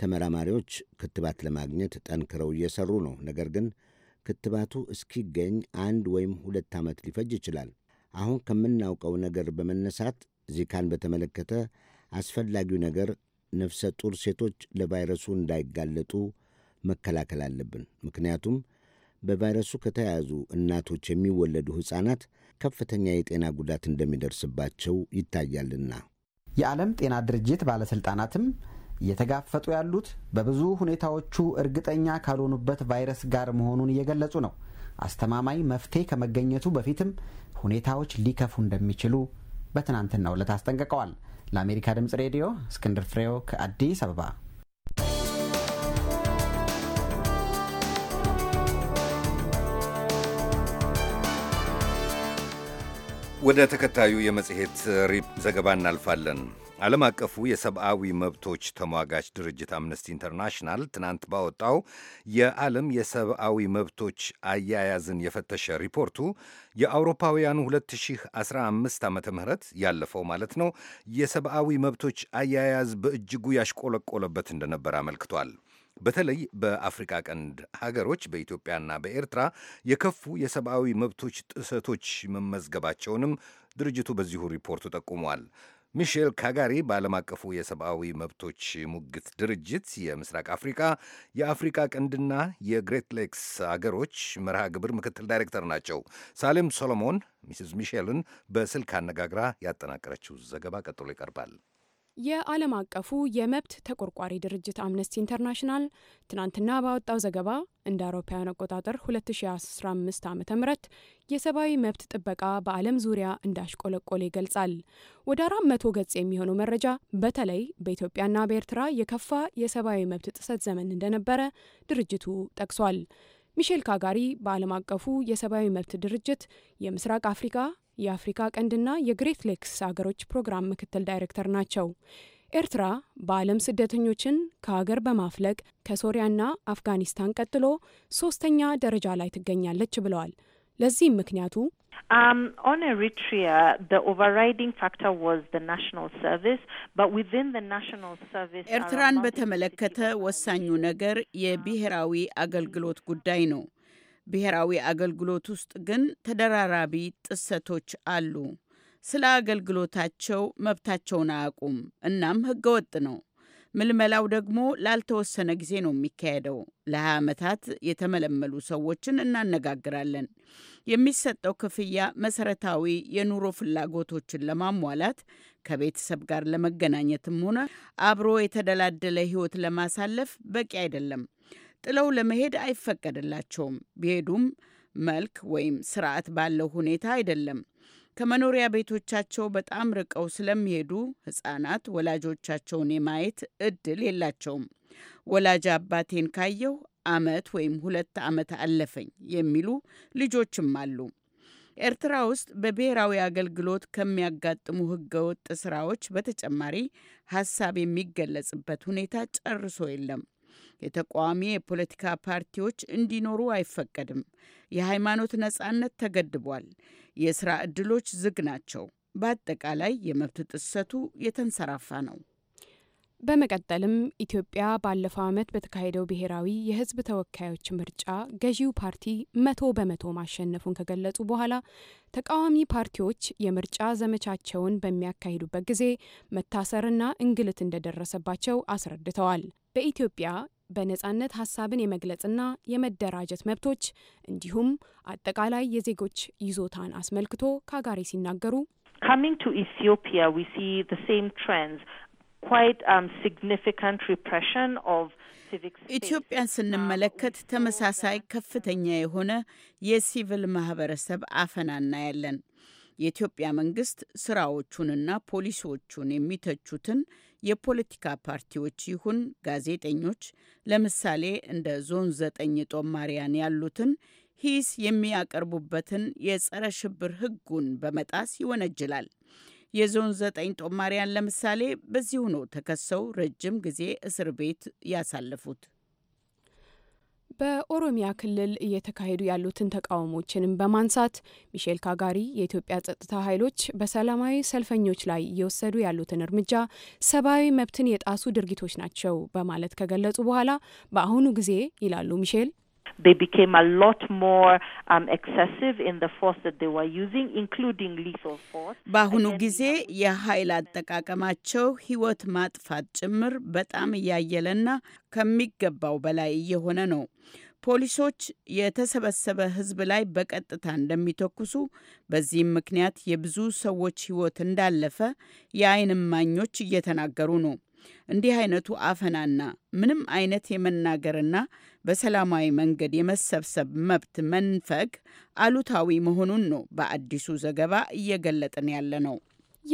ተመራማሪዎች ክትባት ለማግኘት ጠንክረው እየሰሩ ነው። ነገር ግን ክትባቱ እስኪገኝ አንድ ወይም ሁለት ዓመት ሊፈጅ ይችላል። አሁን ከምናውቀው ነገር በመነሳት ዚካን በተመለከተ አስፈላጊው ነገር ነፍሰ ጡር ሴቶች ለቫይረሱ እንዳይጋለጡ መከላከል አለብን። ምክንያቱም በቫይረሱ ከተያያዙ እናቶች የሚወለዱ ሕፃናት ከፍተኛ የጤና ጉዳት እንደሚደርስባቸው ይታያልና። የዓለም ጤና ድርጅት ባለሥልጣናትም እየተጋፈጡ ያሉት በብዙ ሁኔታዎቹ እርግጠኛ ካልሆኑበት ቫይረስ ጋር መሆኑን እየገለጹ ነው። አስተማማኝ መፍትሄ ከመገኘቱ በፊትም ሁኔታዎች ሊከፉ እንደሚችሉ በትናንትናው ዕለት አስጠንቅቀዋል። ለአሜሪካ ድምፅ ሬዲዮ እስክንድር ፍሬው ከአዲስ አበባ። ወደ ተከታዩ የመጽሔት ዘገባ እናልፋለን። ዓለም አቀፉ የሰብአዊ መብቶች ተሟጋች ድርጅት አምነስቲ ኢንተርናሽናል ትናንት ባወጣው የዓለም የሰብአዊ መብቶች አያያዝን የፈተሸ ሪፖርቱ የአውሮፓውያኑ 2015 ዓ ም ያለፈው ማለት ነው የሰብአዊ መብቶች አያያዝ በእጅጉ ያሽቆለቆለበት እንደነበር አመልክቷል። በተለይ በአፍሪካ ቀንድ ሀገሮች በኢትዮጵያና በኤርትራ የከፉ የሰብአዊ መብቶች ጥሰቶች መመዝገባቸውንም ድርጅቱ በዚሁ ሪፖርቱ ጠቁሟል። ሚሼል ካጋሪ በዓለም አቀፉ የሰብአዊ መብቶች ሙግት ድርጅት የምስራቅ አፍሪካ የአፍሪካ ቀንድና የግሬት ሌክስ አገሮች መርሃ ግብር ምክትል ዳይሬክተር ናቸው። ሳሌም ሶሎሞን ሚስስ ሚሼልን በስልክ አነጋግራ ያጠናቀረችው ዘገባ ቀጥሎ ይቀርባል። የዓለም አቀፉ የመብት ተቆርቋሪ ድርጅት አምነስቲ ኢንተርናሽናል ትናንትና ባወጣው ዘገባ እንደ አውሮፓውያን አቆጣጠር 2015 ዓ ም የሰብአዊ መብት ጥበቃ በዓለም ዙሪያ እንዳሽቆለቆለ ይገልጻል። ወደ 400 ገጽ የሚሆነው መረጃ በተለይ በኢትዮጵያና በኤርትራ የከፋ የሰብአዊ መብት ጥሰት ዘመን እንደነበረ ድርጅቱ ጠቅሷል። ሚሼል ካጋሪ በዓለም አቀፉ የሰብአዊ መብት ድርጅት የምስራቅ አፍሪካ የአፍሪካ ቀንድና የግሬት ሌክስ አገሮች ፕሮግራም ምክትል ዳይሬክተር ናቸው። ኤርትራ በዓለም ስደተኞችን ከሀገር በማፍለቅ ከሶሪያና አፍጋኒስታን ቀጥሎ ሶስተኛ ደረጃ ላይ ትገኛለች ብለዋል። ለዚህም ምክንያቱ um, ኤርትራን በተመለከተ ወሳኙ ነገር የብሔራዊ አገልግሎት ጉዳይ ነው። ብሔራዊ አገልግሎት ውስጥ ግን ተደራራቢ ጥሰቶች አሉ። ስለ አገልግሎታቸው መብታቸውን አያውቁም፣ እናም ህገወጥ ነው። ምልመላው ደግሞ ላልተወሰነ ጊዜ ነው የሚካሄደው። ለ20 ዓመታት የተመለመሉ ሰዎችን እናነጋግራለን። የሚሰጠው ክፍያ መሰረታዊ የኑሮ ፍላጎቶችን ለማሟላት ከቤተሰብ ጋር ለመገናኘትም ሆነ አብሮ የተደላደለ ህይወት ለማሳለፍ በቂ አይደለም። ጥለው ለመሄድ አይፈቀድላቸውም። ቢሄዱም መልክ ወይም ስርዓት ባለው ሁኔታ አይደለም። ከመኖሪያ ቤቶቻቸው በጣም ርቀው ስለሚሄዱ ህጻናት ወላጆቻቸውን የማየት እድል የላቸውም። ወላጅ አባቴን ካየሁ አመት ወይም ሁለት ዓመት አለፈኝ የሚሉ ልጆችም አሉ። ኤርትራ ውስጥ በብሔራዊ አገልግሎት ከሚያጋጥሙ ህገወጥ ስራዎች በተጨማሪ ሀሳብ የሚገለጽበት ሁኔታ ጨርሶ የለም። የተቃዋሚ የፖለቲካ ፓርቲዎች እንዲኖሩ አይፈቀድም። የሃይማኖት ነጻነት ተገድቧል። የስራ ዕድሎች ዝግ ናቸው። በአጠቃላይ የመብት ጥሰቱ የተንሰራፋ ነው። በመቀጠልም ኢትዮጵያ ባለፈው ዓመት በተካሄደው ብሔራዊ የሕዝብ ተወካዮች ምርጫ ገዢው ፓርቲ መቶ በመቶ ማሸነፉን ከገለጹ በኋላ ተቃዋሚ ፓርቲዎች የምርጫ ዘመቻቸውን በሚያካሂዱበት ጊዜ መታሰርና እንግልት እንደደረሰባቸው አስረድተዋል። በኢትዮጵያ በነጻነት ሀሳብን የመግለጽና የመደራጀት መብቶች እንዲሁም አጠቃላይ የዜጎች ይዞታን አስመልክቶ ካጋሪ ሲናገሩ Coming to Um, ኢትዮጵያን um, ስንመለከት ተመሳሳይ ከፍተኛ um, የሆነ የሲቪል ማህበረሰብ አፈና እናያለን። የኢትዮጵያ መንግስት ስራዎቹንና ፖሊሲዎቹን የሚተቹትን የፖለቲካ ፓርቲዎች ይሁን ጋዜጠኞች፣ ለምሳሌ እንደ ዞን ዘጠኝ ጦማሪያን ያሉትን ሂስ የሚያቀርቡበትን የጸረ ሽብር ህጉን በመጣስ ይወነጅላል። የዞን ዘጠኝ ጦማሪያን ለምሳሌ በዚሁ ነው ተከሰው ረጅም ጊዜ እስር ቤት ያሳለፉት። በኦሮሚያ ክልል እየተካሄዱ ያሉትን ተቃውሞችንም በማንሳት ሚሼል ካጋሪ የኢትዮጵያ ጸጥታ ኃይሎች በሰላማዊ ሰልፈኞች ላይ እየወሰዱ ያሉትን እርምጃ ሰብአዊ መብትን የጣሱ ድርጊቶች ናቸው በማለት ከገለጹ በኋላ በአሁኑ ጊዜ ይላሉ ሚሼል They became a lot more um, excessive in the force that they were using, including lethal force. በአሁኑ ጊዜ የኃይል አጠቃቀማቸው ሕይወት ማጥፋት ጭምር በጣም እያየለና ከሚገባው በላይ እየሆነ ነው። ፖሊሶች የተሰበሰበ ሕዝብ ላይ በቀጥታ እንደሚተኩሱ በዚህም ምክንያት የብዙ ሰዎች ሕይወት እንዳለፈ የዓይን እማኞች እየተናገሩ ነው። እንዲህ አይነቱ አፈናና ምንም አይነት የመናገርና በሰላማዊ መንገድ የመሰብሰብ መብት መንፈግ አሉታዊ መሆኑን ነው በአዲሱ ዘገባ እየገለጥን ያለ ነው።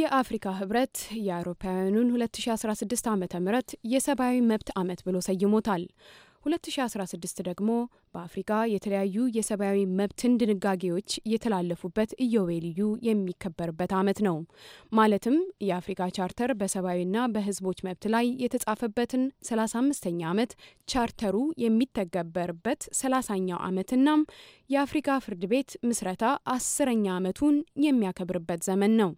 የአፍሪካ ህብረት የአውሮፓውያኑን 2016 ዓ ም የሰብአዊ መብት ዓመት ብሎ ሰይሞታል። 2016 ደግሞ በአፍሪካ የተለያዩ የሰብአዊ መብትን ድንጋጌዎች የተላለፉበት ኢዮቤልዩ የሚከበርበት ዓመት ነው። ማለትም የአፍሪካ ቻርተር በሰብአዊና በሕዝቦች መብት ላይ የተጻፈበትን 35ኛ ዓመት ቻርተሩ የሚተገበርበት 30ኛው ዓመትናም የአፍሪካ ፍርድ ቤት ምስረታ አስረኛ ዓመቱን የሚያከብርበት ዘመን ነው።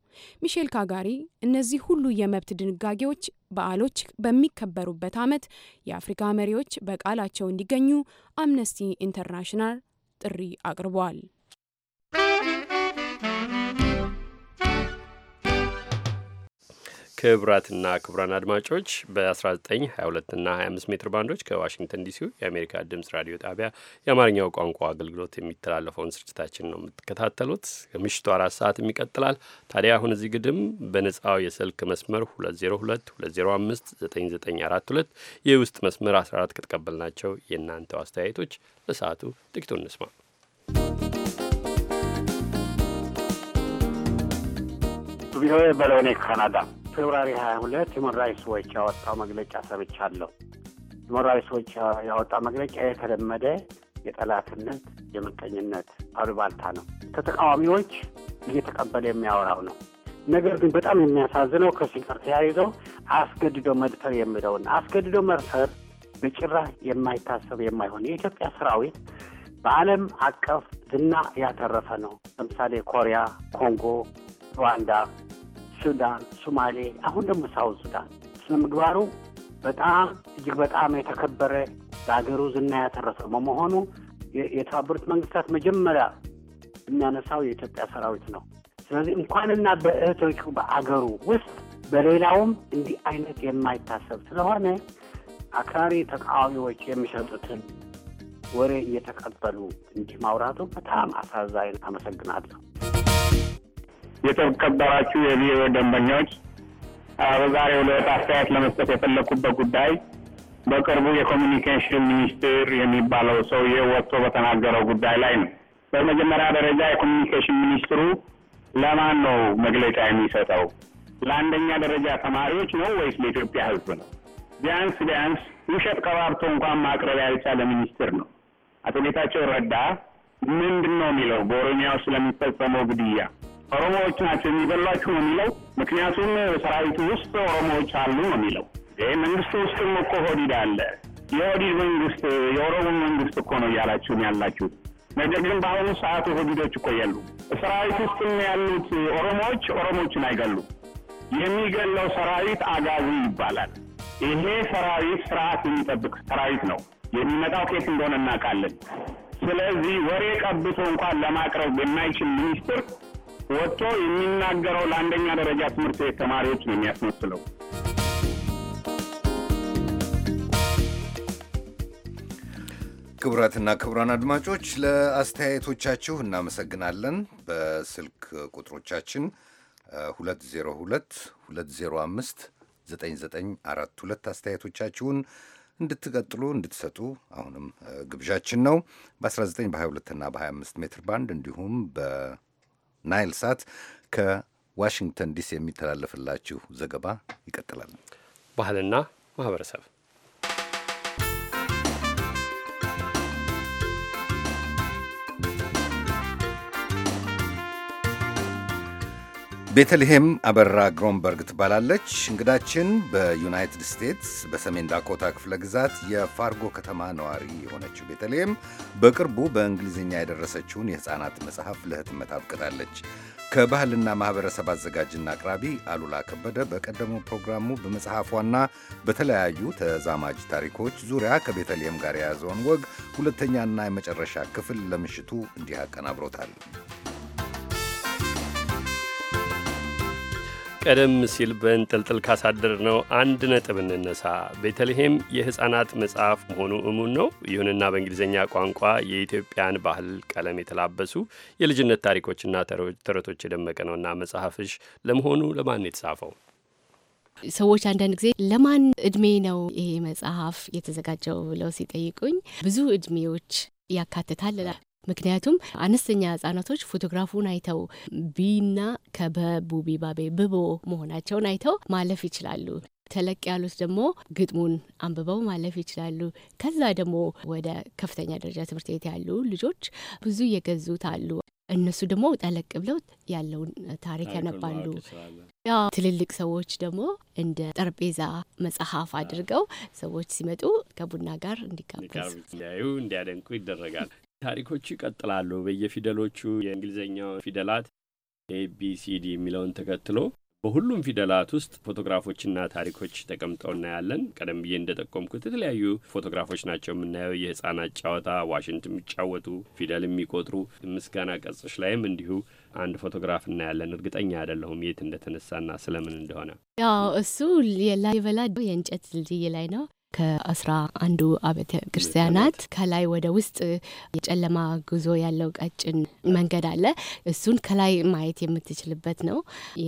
ሚሼል ካጋሪ እነዚህ ሁሉ የመብት ድንጋጌዎች በዓሎች በሚከበሩበት ዓመት የአፍሪካ መሪዎች በቃላቸው እንዲገኙ አምነስቲ አምነስቲ ኢንተርናሽናል ጥሪ አቅርቧል። ክቡራትና ክቡራን አድማጮች በ1922 እና 25 ሜትር ባንዶች ከዋሽንግተን ዲሲ የአሜሪካ ድምፅ ራዲዮ ጣቢያ የአማርኛው ቋንቋ አገልግሎት የሚተላለፈውን ስርጭታችን ነው የምትከታተሉት። ከምሽቱ አራት ሰዓት ይቀጥላል። ታዲያ አሁን እዚህ ግድም በነጻው የስልክ መስመር 2022059942 የውስጥ መስመር 14 ከተቀበልናቸው የእናንተው አስተያየቶች ለሰዓቱ ጥቂቱን እንስማ። ቪኦኤ በለውኔ ካናዳ ፌብራሪ 22 ሁመን ራይትስ ዎች ያወጣው መግለጫ ሰምቻለሁ። ሁመን ራይትስ ዎች ያወጣው መግለጫ የተለመደ የጠላትነት የምቀኝነት አሉባልታ ነው። ከተቃዋሚዎች እየተቀበለ የሚያወራው ነው። ነገር ግን በጣም የሚያሳዝነው ከዚህ ጋር አስገድዶ መድፈር የሚለውን አስገድዶ መድፈር በጭራሽ የማይታሰብ የማይሆን የኢትዮጵያ ሰራዊት በዓለም አቀፍ ዝና ያተረፈ ነው። ለምሳሌ ኮሪያ፣ ኮንጎ፣ ሩዋንዳ ሱዳን፣ ሶማሌ፣ አሁን ደግሞ ሳውዝ ሱዳን ስነ ምግባሩ በጣም እጅግ በጣም የተከበረ ለሀገሩ ዝና ያተረፈ በመሆኑ የተባበሩት መንግስታት መጀመሪያ የሚያነሳው የኢትዮጵያ ሰራዊት ነው። ስለዚህ እንኳንና በእህቶቹ በአገሩ ውስጥ በሌላውም እንዲህ አይነት የማይታሰብ ስለሆነ አክራሪ ተቃዋሚዎች የሚሰጡትን ወሬ እየተቀበሉ እንዲህ ማውራቱ በጣም አሳዛኝ። አመሰግናለሁ። የተከበራችሁ የቪኦኤ ደንበኞች በዛሬው ዕለት አስተያየት ለመስጠት የፈለግኩበት ጉዳይ በቅርቡ የኮሚኒኬሽን ሚኒስትር የሚባለው ሰውዬ ወጥቶ በተናገረው ጉዳይ ላይ ነው። በመጀመሪያ ደረጃ የኮሚኒኬሽን ሚኒስትሩ ለማን ነው መግለጫ የሚሰጠው? ለአንደኛ ደረጃ ተማሪዎች ነው ወይስ ለኢትዮጵያ ሕዝብ ነው? ቢያንስ ቢያንስ ውሸት ቀባብቶ እንኳን ማቅረብ ያልቻለ ሚኒስትር ነው። አቶ ጌታቸው ረዳ ምንድን ነው የሚለው በኦሮሚያ ውስጥ ስለሚፈጸመው ግድያ ኦሮሞዎች ናቸው የሚበሏችሁ ነው የሚለው። ምክንያቱም ሰራዊቱ ውስጥ ኦሮሞዎች አሉ ነው የሚለው። ይህ መንግስት ውስጥም እኮ ሆዲድ አለ። የኦዲድ መንግስት የኦሮሞ መንግስት እኮ ነው እያላችሁን ያላችሁ። ነገር ግን በአሁኑ ሰዓት ሆዲዶች እኮ የሉ። ሰራዊት ውስጥም ያሉት ኦሮሞዎች ኦሮሞዎችን አይገሉም። የሚገለው ሰራዊት አጋዚ ይባላል። ይሄ ሰራዊት ስርዓት የሚጠብቅ ሰራዊት ነው። የሚመጣው ኬት እንደሆነ እናውቃለን። ስለዚህ ወሬ ቀብቶ እንኳን ለማቅረብ የማይችል ሚኒስትር ወጥቶ የሚናገረው ለአንደኛ ደረጃ ትምህርት ቤት ተማሪዎች ነው የሚያስመስለው። ክቡራትና ክቡራን አድማጮች ለአስተያየቶቻችሁ እናመሰግናለን። በስልክ ቁጥሮቻችን 2022059942 አስተያየቶቻችሁን እንድትቀጥሉ እንድትሰጡ አሁንም ግብዣችን ነው። በ19 በ22ና በ25 ሜትር ባንድ እንዲሁም በ ናይል ሳት ከዋሽንግተን ዲሲ የሚተላለፍላችሁ ዘገባ ይቀጥላል። ባህልና ማህበረሰብ ቤተልሔም አበራ ግሮንበርግ ትባላለች። እንግዳችን በዩናይትድ ስቴትስ በሰሜን ዳኮታ ክፍለ ግዛት የፋርጎ ከተማ ነዋሪ የሆነችው ቤተልሔም በቅርቡ በእንግሊዝኛ የደረሰችውን የሕፃናት መጽሐፍ ለህትመት አብቅታለች። ከባህልና ማኅበረሰብ አዘጋጅና አቅራቢ አሉላ ከበደ በቀደመው ፕሮግራሙ በመጽሐፏና በተለያዩ ተዛማጅ ታሪኮች ዙሪያ ከቤተልሔም ጋር የያዘውን ወግ ሁለተኛና የመጨረሻ ክፍል ለምሽቱ እንዲህ አቀናብሮታል። ቀደም ሲል በእንጥልጥል ካሳደር ነው አንድ ነጥብ እንነሳ። ቤተልሔም የሕፃናት መጽሐፍ መሆኑ እሙን ነው። ይሁንና በእንግሊዝኛ ቋንቋ የኢትዮጵያን ባህል ቀለም የተላበሱ የልጅነት ታሪኮችና ተረቶች የደመቀ ነውና መጽሐፍሽ ለመሆኑ ለማን የተጻፈው? ሰዎች አንዳንድ ጊዜ ለማን እድሜ ነው ይሄ መጽሐፍ የተዘጋጀው ብለው ሲጠይቁኝ ብዙ እድሜዎች ያካትታል ምክንያቱም አነስተኛ ህጻናቶች ፎቶግራፉን አይተው ቢና ከበቡ ቢባቤ ብቦ መሆናቸውን አይተው ማለፍ ይችላሉ። ተለቅ ያሉት ደግሞ ግጥሙን አንብበው ማለፍ ይችላሉ። ከዛ ደግሞ ወደ ከፍተኛ ደረጃ ትምህርት ቤት ያሉ ልጆች ብዙ እየገዙት አሉ። እነሱ ደግሞ ጠለቅ ብለው ያለውን ታሪክ ያነባሉ። ትልልቅ ሰዎች ደግሞ እንደ ጠረጴዛ መጽሐፍ አድርገው ሰዎች ሲመጡ ከቡና ጋር እንዲጋበዙ እንዲያዩ፣ እንዲያደንቁ ይደረጋል። ታሪኮቹ ይቀጥላሉ። በየፊደሎቹ የእንግሊዝኛው ፊደላት ኤቢሲዲ የሚለውን ተከትሎ በሁሉም ፊደላት ውስጥ ፎቶግራፎችና ታሪኮች ተቀምጠው እናያለን። ቀደም ብዬ እንደጠቆምኩት የተለያዩ ፎቶግራፎች ናቸው የምናየው። የህፃናት ጨዋታ፣ ዋሽንት የሚጫወቱ ፊደል የሚቆጥሩ ምስጋና ቀጾች ላይም እንዲሁ አንድ ፎቶግራፍ እናያለን። እርግጠኛ አይደለሁም የት እንደተነሳና ስለምን እንደሆነ። ያው እሱ ላሊበላ የእንጨት ድልድይ ላይ ነው። ከአስራ አንዱ አብያተ ክርስቲያናት ከላይ ወደ ውስጥ የጨለማ ጉዞ ያለው ቀጭን መንገድ አለ። እሱን ከላይ ማየት የምትችልበት ነው።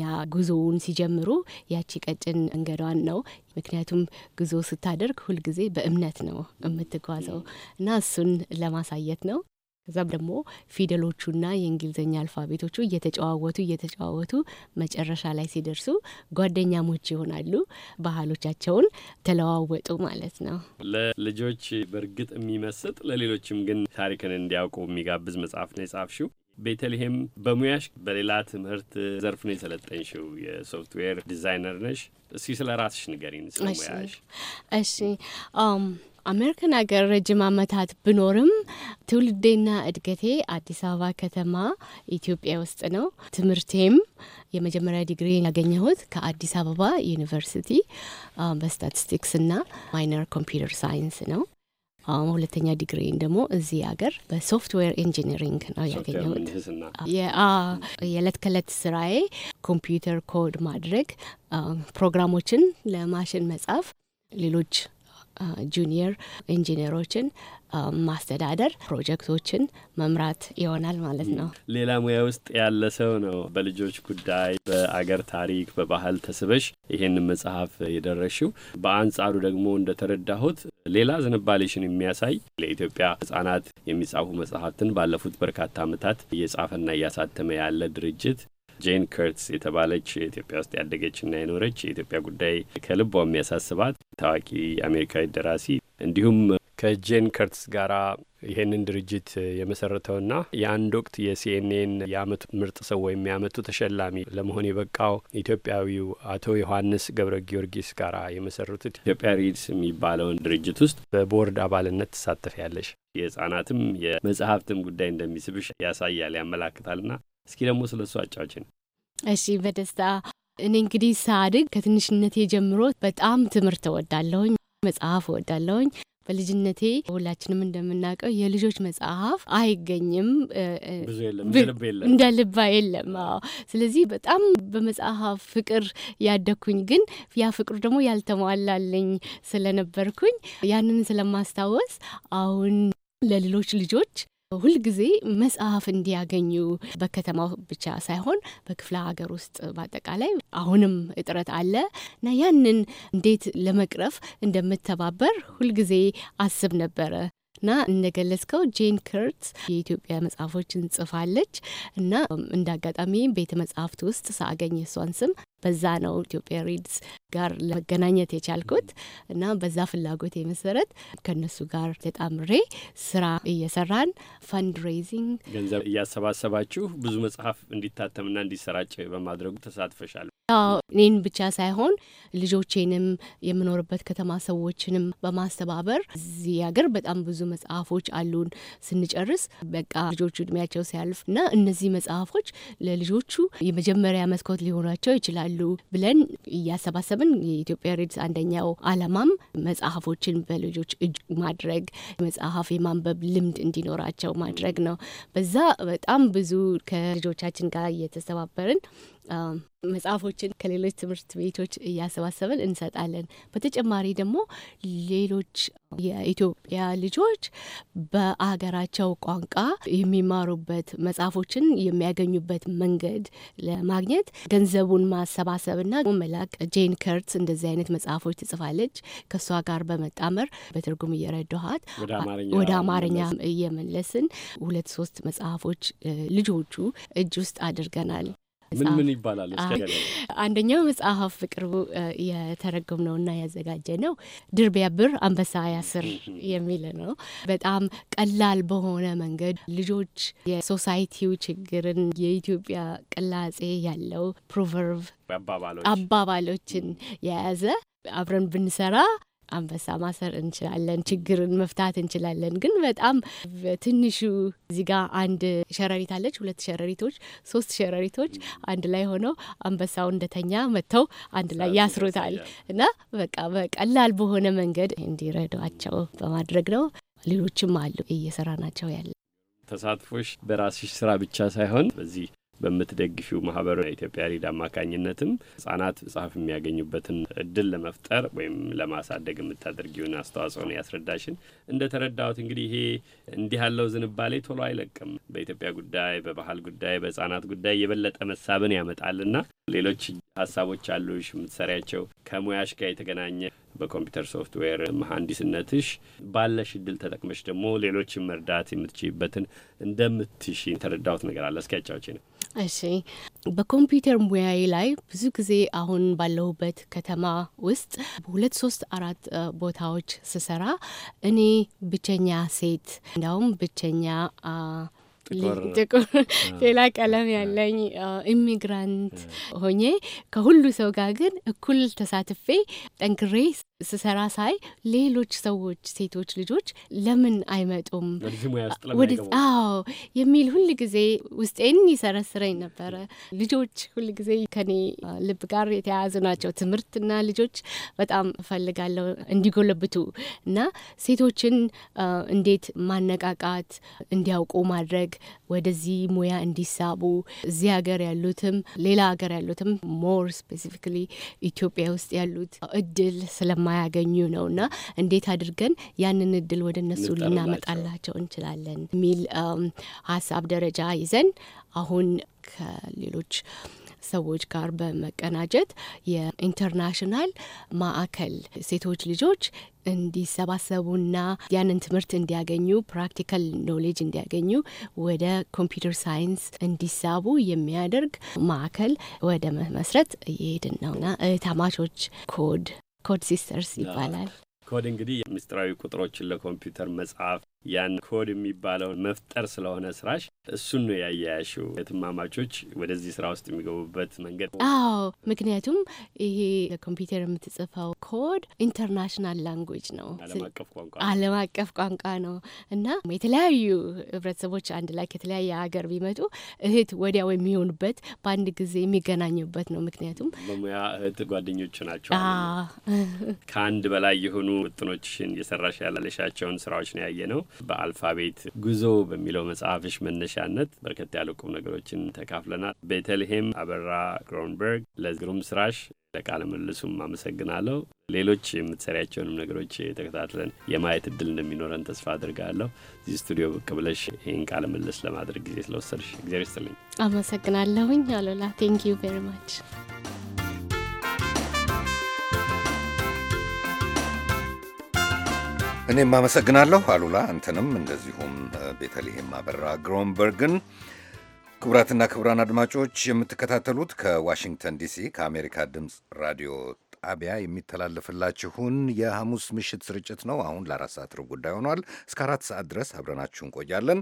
ያ ጉዞውን ሲጀምሩ ያቺ ቀጭን መንገዷን ነው። ምክንያቱም ጉዞ ስታደርግ ሁልጊዜ በእምነት ነው የምትጓዘው እና እሱን ለማሳየት ነው። ከዛም ደግሞ ፊደሎቹና የእንግሊዝኛ አልፋቤቶቹ እየተጨዋወቱ እየተጨዋወቱ መጨረሻ ላይ ሲደርሱ ጓደኛሞች ይሆናሉ። ባህሎቻቸውን ተለዋወጡ ማለት ነው። ለልጆች በእርግጥ የሚመስጥ ለሌሎችም ግን ታሪክን እንዲያውቁ የሚጋብዝ መጽሐፍ ነው የጻፍሽው። ቤተልሔም በሙያሽ በሌላ ትምህርት ዘርፍ ነው የሰለጠንሽው። የሶፍትዌር ዲዛይነር ነሽ። እስኪ ስለ ራስሽ ንገሪን፣ ስለ ሙያሽ። እሺ አሜሪካን ሀገር ረጅም ዓመታት ብኖርም ትውልዴና እድገቴ አዲስ አበባ ከተማ ኢትዮጵያ ውስጥ ነው። ትምህርቴም የመጀመሪያ ዲግሪ ያገኘሁት ከአዲስ አበባ ዩኒቨርሲቲ በስታቲስቲክስና ማይነር ኮምፒውተር ሳይንስ ነው። ሁለተኛ ዲግሪን ደግሞ እዚህ ሀገር በሶፍትዌር ኢንጂኒሪንግ ነው ያገኘሁት። የዕለት ከዕለት ስራዬ ኮምፒውተር ኮድ ማድረግ፣ ፕሮግራሞችን ለማሽን መጻፍ፣ ሌሎች ጁኒየር ኢንጂነሮችን ማስተዳደር፣ ፕሮጀክቶችን መምራት ይሆናል ማለት ነው። ሌላ ሙያ ውስጥ ያለ ሰው ነው። በልጆች ጉዳይ፣ በአገር ታሪክ፣ በባህል ተስበሽ ይህን መጽሐፍ የደረሽው በአንጻሩ ደግሞ እንደተረዳሁት ሌላ ዝንባሌሽን የሚያሳይ ለኢትዮጵያ ሕጻናት የሚጻፉ መጽሐፍትን ባለፉት በርካታ ዓመታት እየጻፈና እያሳተመ ያለ ድርጅት ጄን ከርትስ የተባለች ኢትዮጵያ ውስጥ ያደገችና የኖረች የኢትዮጵያ ጉዳይ ከልቧ የሚያሳስባት ታዋቂ አሜሪካዊ ደራሲ እንዲሁም ከጄን ከርትስ ጋራ ይህንን ድርጅት የመሰረተውና የአንድ ወቅት የሲኤንኤን የአመቱ ምርጥ ሰው ወይም የአመቱ ተሸላሚ ለመሆን የበቃው ኢትዮጵያዊው አቶ ዮሐንስ ገብረ ጊዮርጊስ ጋራ የመሰረቱት ኢትዮጵያ ሪድስ የሚባለውን ድርጅት ውስጥ በቦርድ አባልነት ያለሽ የህጻናትም የመጽሐፍትም ጉዳይ እንደሚስብሽ ያሳያል ያመላክታልና እስኪ ደግሞ ስለ እሱ አጫዎችን። እሺ፣ በደስታ እኔ እንግዲህ ሳድግ ከትንሽነቴ ጀምሮ በጣም ትምህርት እወዳለሁኝ፣ መጽሐፍ እወዳለሁኝ። በልጅነቴ ሁላችንም እንደምናውቀው የልጆች መጽሐፍ አይገኝም፣ እንደ ልባ የለም። ስለዚህ በጣም በመጽሐፍ ፍቅር ያደግኩኝ፣ ግን ያ ፍቅር ደግሞ ያልተሟላለኝ ስለነበርኩኝ ያንን ስለማስታወስ አሁን ለሌሎች ልጆች ሁልጊዜ መጽሐፍ እንዲያገኙ በከተማው ብቻ ሳይሆን በክፍለ ሀገር ውስጥ በአጠቃላይ አሁንም እጥረት አለ እና ያንን እንዴት ለመቅረፍ እንደምተባበር ሁልጊዜ አስብ ነበረ። እና እንደገለጽከው ጄን ከርትስ የኢትዮጵያ መጽሐፎችን ጽፋለች እና እንደ አጋጣሚ ቤተ መጽሐፍት ውስጥ ሳገኝ እሷን ስም በዛ ነው ኢትዮጵያ ሪድስ ጋር ለመገናኘት የቻልኩት እና በዛ ፍላጎት መሰረት ከነሱ ጋር ተጣምሬ ስራ እየሰራን ፈንድ ሬይዚንግ ገንዘብ እያሰባሰባችሁ ብዙ መጽሐፍ እንዲታተምና እንዲሰራጭ በማድረጉ ተሳትፈሻል። እኔን ብቻ ሳይሆን ልጆቼንም የምኖርበት ከተማ ሰዎችንም በማስተባበር እዚህ ሀገር በጣም ብዙ መጽሐፎች አሉን። ስንጨርስ በቃ ልጆቹ እድሜያቸው ሲያልፍ እና እነዚህ መጽሐፎች ለልጆቹ የመጀመሪያ መስኮት ሊሆናቸው ይችላሉ ብለን እያሰባሰብን የኢትዮጵያ ሬድስ አንደኛው አላማም መጽሐፎችን በልጆች እጅ ማድረግ መጽሐፍ የማንበብ ልምድ እንዲኖራቸው ማድረግ ነው። በዛ በጣም ብዙ ከልጆቻችን ጋር እየተሰባበርን መጽሐፎችን ከሌሎች ትምህርት ቤቶች እያሰባሰብን እንሰጣለን። በተጨማሪ ደግሞ ሌሎች የኢትዮጵያ ልጆች በአገራቸው ቋንቋ የሚማሩበት መጽሐፎችን የሚያገኙበት መንገድ ለማግኘት ገንዘቡን ማሰባሰብና መላክ ጄን ከርትስ እንደዚህ አይነት መጽሐፎች ትጽፋለች። ከእሷ ጋር በመጣመር በትርጉም እየረዳኋት ወደ አማርኛ እየመለስን ሁለት ሶስት መጽሐፎች ልጆቹ እጅ ውስጥ አድርገናል። ምን ምን ይባላል? አንደኛው መጽሐፍ በቅርቡ የተረጎም እና ያዘጋጀ ነው ድር ቢያብር አንበሳ ያስር የሚል ነው። በጣም ቀላል በሆነ መንገድ ልጆች የሶሳይቲው ችግርን የኢትዮጵያ ቅላጼ ያለው ፕሮቨርቭ አባባሎችን የያዘ አብረን ብንሰራ አንበሳ ማሰር እንችላለን፣ ችግርን መፍታት እንችላለን። ግን በጣም በትንሹ እዚህ ጋር አንድ ሸረሪት አለች፣ ሁለት ሸረሪቶች፣ ሶስት ሸረሪቶች አንድ ላይ ሆነው አንበሳው እንደተኛ መጥተው አንድ ላይ ያስሩታል እና በቃ በቀላል በሆነ መንገድ እንዲረዷቸው በማድረግ ነው። ሌሎችም አሉ እየሰራ ናቸው ያለ ተሳትፎሽ በራስሽ ስራ ብቻ ሳይሆን በዚህ በምትደግፊው ማህበር ኢትዮጵያ ሊድ አማካኝነትም ህጻናት መጽሐፍ የሚያገኙበትን እድል ለመፍጠር ወይም ለማሳደግ የምታደርጊውን አስተዋጽኦ ነው ያስረዳሽን። እንደ ተረዳሁት እንግዲህ ይሄ እንዲህ ያለው ዝንባሌ ቶሎ አይለቅም። በኢትዮጵያ ጉዳይ፣ በባህል ጉዳይ፣ በህጻናት ጉዳይ የበለጠ መሳብን ያመጣልና ሌሎች ሀሳቦች አሉሽ የምትሰሪያቸው ከሙያሽ ጋር የተገናኘ በኮምፒውተር ሶፍትዌር መሀንዲስነትሽ ባለሽ እድል ተጠቅመሽ ደግሞ ሌሎችን መርዳት የምትችይበትን እንደምትሽ የተረዳሁት ነገር አለ። እስኪያጫዎች ነው እሺ በኮምፒውተር ሙያዬ ላይ ብዙ ጊዜ አሁን ባለሁበት ከተማ ውስጥ በሁለት ሶስት አራት ቦታዎች ስሰራ እኔ ብቸኛ ሴት እንዲያውም ብቸኛ ጥቁር ሌላ ቀለም ያለኝ ኢሚግራንት ሆኜ ከሁሉ ሰው ጋር ግን እኩል ተሳትፌ ጠንክሬ ስሰራ ሳይ ሌሎች ሰዎች ሴቶች ልጆች ለምን አይመጡም አዎ የሚል ሁል ጊዜ ውስጤን ይሰረስረኝ ነበረ። ልጆች ሁል ጊዜ ከኔ ልብ ጋር የተያያዙ ናቸው። ትምህርትና ልጆች በጣም እፈልጋለሁ እንዲጎለብቱ እና ሴቶችን እንዴት ማነቃቃት እንዲያውቁ ማድረግ ወደዚህ ሙያ እንዲሳቡ እዚህ ሀገር ያሉትም ሌላ ሀገር ያሉትም ሞር ስፔሲፊካሊ ኢትዮጵያ ውስጥ ያሉት እድል ስለማ የማያገኙ ነውና እንዴት አድርገን ያንን እድል ወደ እነሱ ልናመጣላቸው እንችላለን የሚል ሀሳብ ደረጃ ይዘን አሁን ከሌሎች ሰዎች ጋር በመቀናጀት የኢንተርናሽናል ማዕከል ሴቶች ልጆች እንዲሰባሰቡና ያንን ትምህርት እንዲያገኙ ፕራክቲካል ኖሌጅ እንዲያገኙ ወደ ኮምፒውተር ሳይንስ እንዲሳቡ የሚያደርግ ማዕከል ወደ መመስረት እየሄድን ነውና ተማቾች ኮድ ኮድ ሲስተርስ ይባላል። ኮድ እንግዲህ ምስጢራዊ ቁጥሮችን ለኮምፒውተር መጽሐፍ ያን ኮድ የሚባለውን መፍጠር ስለሆነ ስራሽ እሱን ነው ያያያሽው። የትማማቾች ወደዚህ ስራ ውስጥ የሚገቡበት መንገድ። አዎ፣ ምክንያቱም ይሄ ለኮምፒውተር የምትጽፈው ኮድ ኢንተርናሽናል ላንጉጅ ነው፣ ዓለም አቀፍ ቋንቋ ነው እና የተለያዩ ህብረተሰቦች አንድ ላይ ከተለያየ ሀገር ቢመጡ እህት ወዲያው የሚሆኑበት በአንድ ጊዜ የሚገናኙበት ነው። ምክንያቱም በሙያ እህት ጓደኞች ናቸው። ከአንድ በላይ የሆኑ ውጥኖችሽን የሰራሽ ያላለሻቸውን ስራዎች ነው ያየ ነው። በአልፋቤት ጉዞ በሚለው መጽሐፍሽ መነሻነት በርከት ያሉ ቁም ነገሮችን ተካፍለናል። ቤተልሔም አበራ ግሮንበርግ ለግሩም ስራሽ ለቃለ መልሱም አመሰግናለሁ። ሌሎች የምትሰሪያቸውንም ነገሮች ተከታትለን የማየት እድል እንደሚኖረን ተስፋ አድርጋለሁ። እዚህ ስቱዲዮ ብቅ ብለሽ ይህን ቃለ መልስ ለማድረግ ጊዜ ስለወሰድሽ እግዚአብሔር ይስጥልኝ። አመሰግናለሁኝ አሉላ ቴንኪዩ ቬሪ ማች እኔም አመሰግናለሁ አሉላ፣ አንተንም እንደዚሁም ቤተልሔም አበራ ግሮንበርግን። ክቡራትና ክቡራን አድማጮች የምትከታተሉት ከዋሽንግተን ዲሲ ከአሜሪካ ድምፅ ራዲዮ ጣቢያ የሚተላለፍላችሁን የሐሙስ ምሽት ስርጭት ነው። አሁን ለአራት ሰዓት ሩብ ጉዳይ ሆኗል። እስከ አራት ሰዓት ድረስ አብረናችሁ እንቆያለን።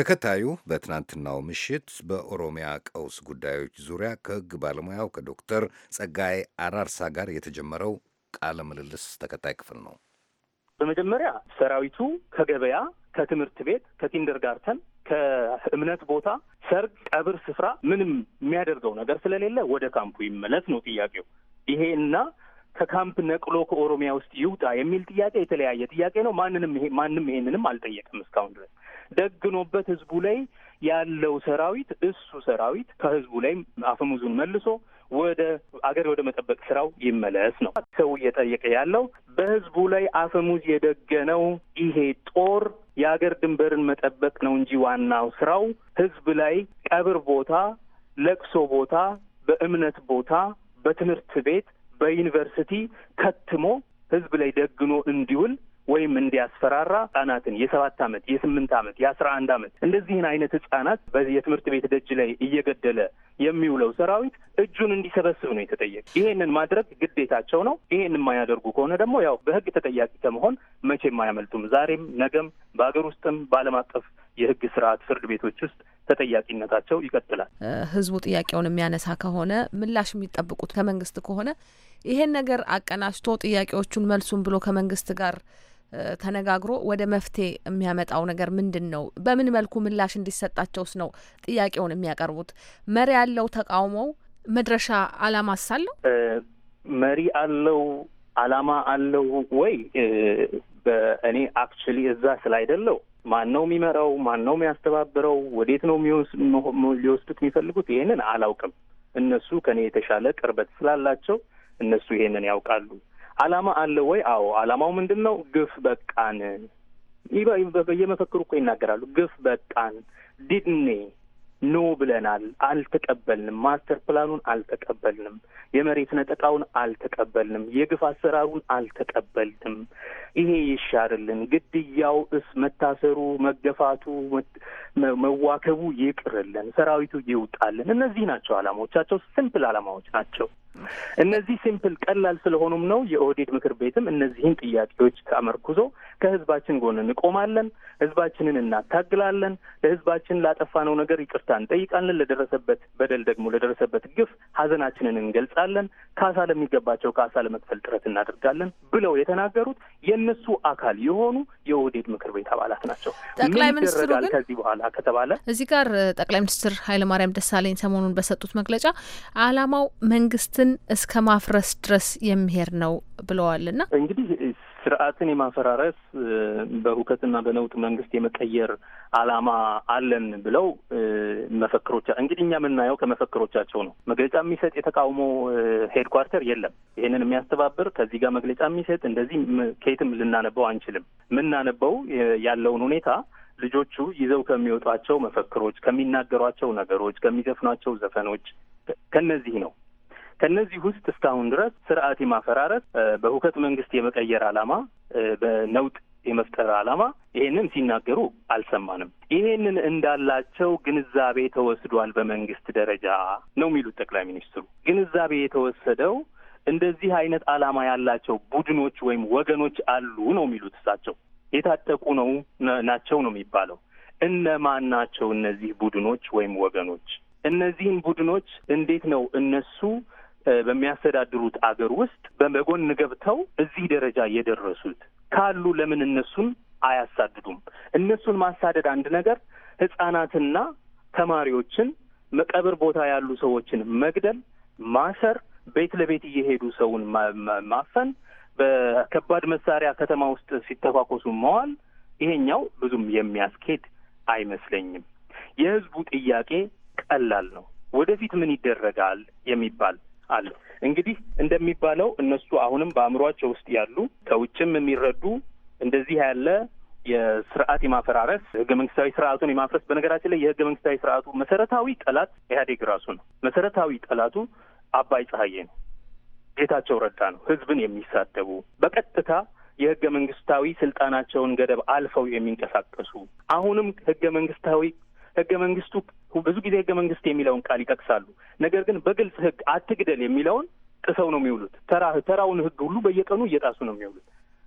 ተከታዩ በትናንትናው ምሽት በኦሮሚያ ቀውስ ጉዳዮች ዙሪያ ከሕግ ባለሙያው ከዶክተር ጸጋዬ አራርሳ ጋር የተጀመረው ቃለ ምልልስ ተከታይ ክፍል ነው። በመጀመሪያ ሰራዊቱ ከገበያ፣ ከትምህርት ቤት፣ ከቲንደር ጋርተን፣ ከእምነት ቦታ፣ ሰርግ፣ ቀብር ስፍራ ምንም የሚያደርገው ነገር ስለሌለ ወደ ካምፑ ይመለስ ነው ጥያቄው። ይሄ እና ከካምፕ ነቅሎ ከኦሮሚያ ውስጥ ይውጣ የሚል ጥያቄ የተለያየ ጥያቄ ነው። ማንንም ይሄ ማንም ይሄንንም አልጠየቅም እስካሁን ድረስ ደግኖበት ህዝቡ ላይ ያለው ሰራዊት እሱ ሰራዊት ከህዝቡ ላይ አፈሙዙን መልሶ ወደ አገር ወደ መጠበቅ ስራው ይመለስ ነው ሰው እየጠየቀ ያለው። በህዝቡ ላይ አፈሙዝ የደገነው ይሄ ጦር የአገር ድንበርን መጠበቅ ነው እንጂ ዋናው ስራው ህዝብ ላይ ቀብር ቦታ፣ ለቅሶ ቦታ፣ በእምነት ቦታ፣ በትምህርት ቤት፣ በዩኒቨርሲቲ ከትሞ ህዝብ ላይ ደግኖ እንዲውል ወይም እንዲያስፈራራ ህጻናትን የሰባት አመት የስምንት አመት የአስራ አንድ አመት እንደዚህን አይነት ህጻናት የትምህርት ቤት ደጅ ላይ እየገደለ የሚውለው ሰራዊት እጁን እንዲሰበስብ ነው የተጠየቀ። ይሄንን ማድረግ ግዴታቸው ነው። ይሄን የማያደርጉ ከሆነ ደግሞ ያው በህግ ተጠያቂ ከመሆን መቼም አያመልጡም። ዛሬም ነገም በሀገር ውስጥም በዓለም አቀፍ የህግ ስርዓት ፍርድ ቤቶች ውስጥ ተጠያቂነታቸው ይቀጥላል። ህዝቡ ጥያቄውን የሚያነሳ ከሆነ ምላሽ የሚጠብቁት ከመንግስት ከሆነ ይሄን ነገር አቀናጅቶ ጥያቄዎቹን መልሱን ብሎ ከመንግስት ጋር ተነጋግሮ ወደ መፍትሄ የሚያመጣው ነገር ምንድን ነው? በምን መልኩ ምላሽ እንዲሰጣቸውስ ነው ጥያቄውን የሚያቀርቡት? መሪ ያለው ተቃውሞው መድረሻ አላማ ሳለው? መሪ አለው አላማ አለው ወይ? በእኔ አክቹሊ እዛ ስላይደለው ማን ነው የሚመራው? ማን ነው የሚያስተባብረው? ወዴት ነው ሊወስዱት የሚፈልጉት? ይሄንን አላውቅም። እነሱ ከኔ የተሻለ ቅርበት ስላላቸው እነሱ ይሄንን ያውቃሉ። አላማ አለ ወይ? አዎ አላማው ምንድን ነው? ግፍ በቃን። በየመፈክሩ እኮ ይናገራሉ። ግፍ በቃን፣ ዲድኔ ኖ ብለናል፣ አልተቀበልንም። ማስተር ፕላኑን አልተቀበልንም። የመሬት ነጠቃውን አልተቀበልንም። የግፍ አሰራሩን አልተቀበልንም። ይሄ ይሻርልን፣ ግድያው እስ መታሰሩ፣ መገፋቱ፣ መዋከቡ ይቅርልን፣ ሰራዊቱ ይውጣልን። እነዚህ ናቸው አላማዎቻቸው። ስምፕል አላማዎች ናቸው። እነዚህ ሲምፕል ቀላል ስለሆኑም ነው የኦህዴድ ምክር ቤትም እነዚህን ጥያቄዎች ተመርኩዞ ከህዝባችን ጎን እንቆማለን፣ ህዝባችንን እናታግላለን፣ ለህዝባችን ላጠፋነው ነገር ይቅርታ እንጠይቃለን፣ ለደረሰበት በደል ደግሞ ለደረሰበት ግፍ ሀዘናችንን እንገልጻለን፣ ካሳ ለሚገባቸው ካሳ ለመክፈል ጥረት እናደርጋለን ብለው የተናገሩት የእነሱ አካል የሆኑ የኦህዴድ ምክር ቤት አባላት ናቸው። ጠቅላይ ሚኒስትሩ ግን ከዚህ በኋላ ከተባለ እዚህ ጋር ጠቅላይ ሚኒስትር ኃይለማርያም ደሳለኝ ሰሞኑን በሰጡት መግለጫ አላማው መንግስት ስርዓትን እስከ ማፍረስ ድረስ የሚሄድ ነው ብለዋልና እንግዲህ ስርዓትን የማፈራረስ በሁከትና በነውጥ መንግስት የመቀየር አላማ አለን ብለው መፈክሮቻ እንግዲህ እኛ የምናየው ከመፈክሮቻቸው ነው። መግለጫ የሚሰጥ የተቃውሞ ሄድኳርተር የለም። ይህንን የሚያስተባብር ከዚህ ጋር መግለጫ የሚሰጥ እንደዚህ ከየትም ልናነበው አንችልም። የምናነበው ያለውን ሁኔታ ልጆቹ ይዘው ከሚወጧቸው መፈክሮች፣ ከሚናገሯቸው ነገሮች፣ ከሚዘፍኗቸው ዘፈኖች ከነዚህ ነው። ከእነዚህ ውስጥ እስካሁን ድረስ ስርዓት የማፈራረስ፣ በሁከት መንግስት የመቀየር አላማ በነውጥ የመፍጠር አላማ ይሄንን ሲናገሩ አልሰማንም። ይሄንን እንዳላቸው ግንዛቤ ተወስዷል በመንግስት ደረጃ ነው የሚሉት ጠቅላይ ሚኒስትሩ። ግንዛቤ የተወሰደው እንደዚህ አይነት አላማ ያላቸው ቡድኖች ወይም ወገኖች አሉ ነው የሚሉት እሳቸው። የታጠቁ ነው ናቸው ነው የሚባለው። እነማን ናቸው እነዚህ ቡድኖች ወይም ወገኖች? እነዚህን ቡድኖች እንዴት ነው እነሱ በሚያስተዳድሩት አገር ውስጥ በመጎን ገብተው እዚህ ደረጃ የደረሱት ካሉ ለምን እነሱን አያሳድዱም? እነሱን ማሳደድ አንድ ነገር፣ ህጻናትና ተማሪዎችን መቀብር ቦታ ያሉ ሰዎችን መግደል፣ ማሰር፣ ቤት ለቤት እየሄዱ ሰውን ማፈን፣ በከባድ መሳሪያ ከተማ ውስጥ ሲተኳኮሱ መዋል፣ ይሄኛው ብዙም የሚያስኬድ አይመስለኝም። የህዝቡ ጥያቄ ቀላል ነው። ወደፊት ምን ይደረጋል የሚባል አሉ። እንግዲህ እንደሚባለው እነሱ አሁንም በአእምሯቸው ውስጥ ያሉ ከውጭም የሚረዱ እንደዚህ ያለ የስርዓት የማፈራረስ ህገ መንግስታዊ ስርዓቱን የማፍረስ በነገራችን ላይ የህገ መንግስታዊ ስርዓቱ መሰረታዊ ጠላት ኢህአዴግ ራሱ ነው። መሰረታዊ ጠላቱ አባይ ፀሐዬ ነው፣ ጌታቸው ረዳ ነው። ህዝብን የሚሳደቡ በቀጥታ የህገ መንግስታዊ ስልጣናቸውን ገደብ አልፈው የሚንቀሳቀሱ አሁንም ህገ መንግስታዊ ህገ መንግስቱ ብዙ ጊዜ ህገ መንግስት የሚለውን ቃል ይጠቅሳሉ። ነገር ግን በግልጽ ህግ አትግደል የሚለውን ጥሰው ነው የሚውሉት። ተራ ተራውን ህግ ሁሉ በየቀኑ እየጣሱ ነው የሚውሉት።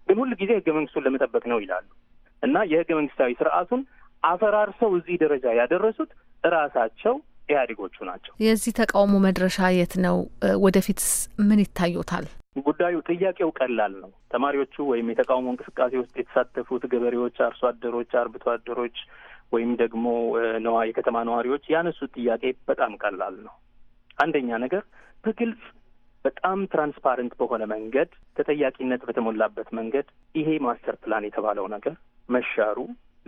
ግን ሁል ጊዜ ህገ መንግስቱን ለመጠበቅ ነው ይላሉ እና የህገ መንግስታዊ ስርዓቱን አፈራርሰው እዚህ ደረጃ ያደረሱት እራሳቸው ኢህአዴጎቹ ናቸው። የዚህ ተቃውሞ መድረሻ የት ነው? ወደፊት ምን ይታዩታል? ጉዳዩ ጥያቄው ቀላል ነው። ተማሪዎቹ ወይም የተቃውሞ እንቅስቃሴ ውስጥ የተሳተፉት ገበሬዎች፣ አርሶ አደሮች፣ አርብቶ አደሮች ወይም ደግሞ ነዋ የከተማ ነዋሪዎች ያነሱት ጥያቄ በጣም ቀላል ነው። አንደኛ ነገር በግልጽ በጣም ትራንስፓረንት በሆነ መንገድ ተጠያቂነት በተሞላበት መንገድ ይሄ ማስተር ፕላን የተባለው ነገር መሻሩ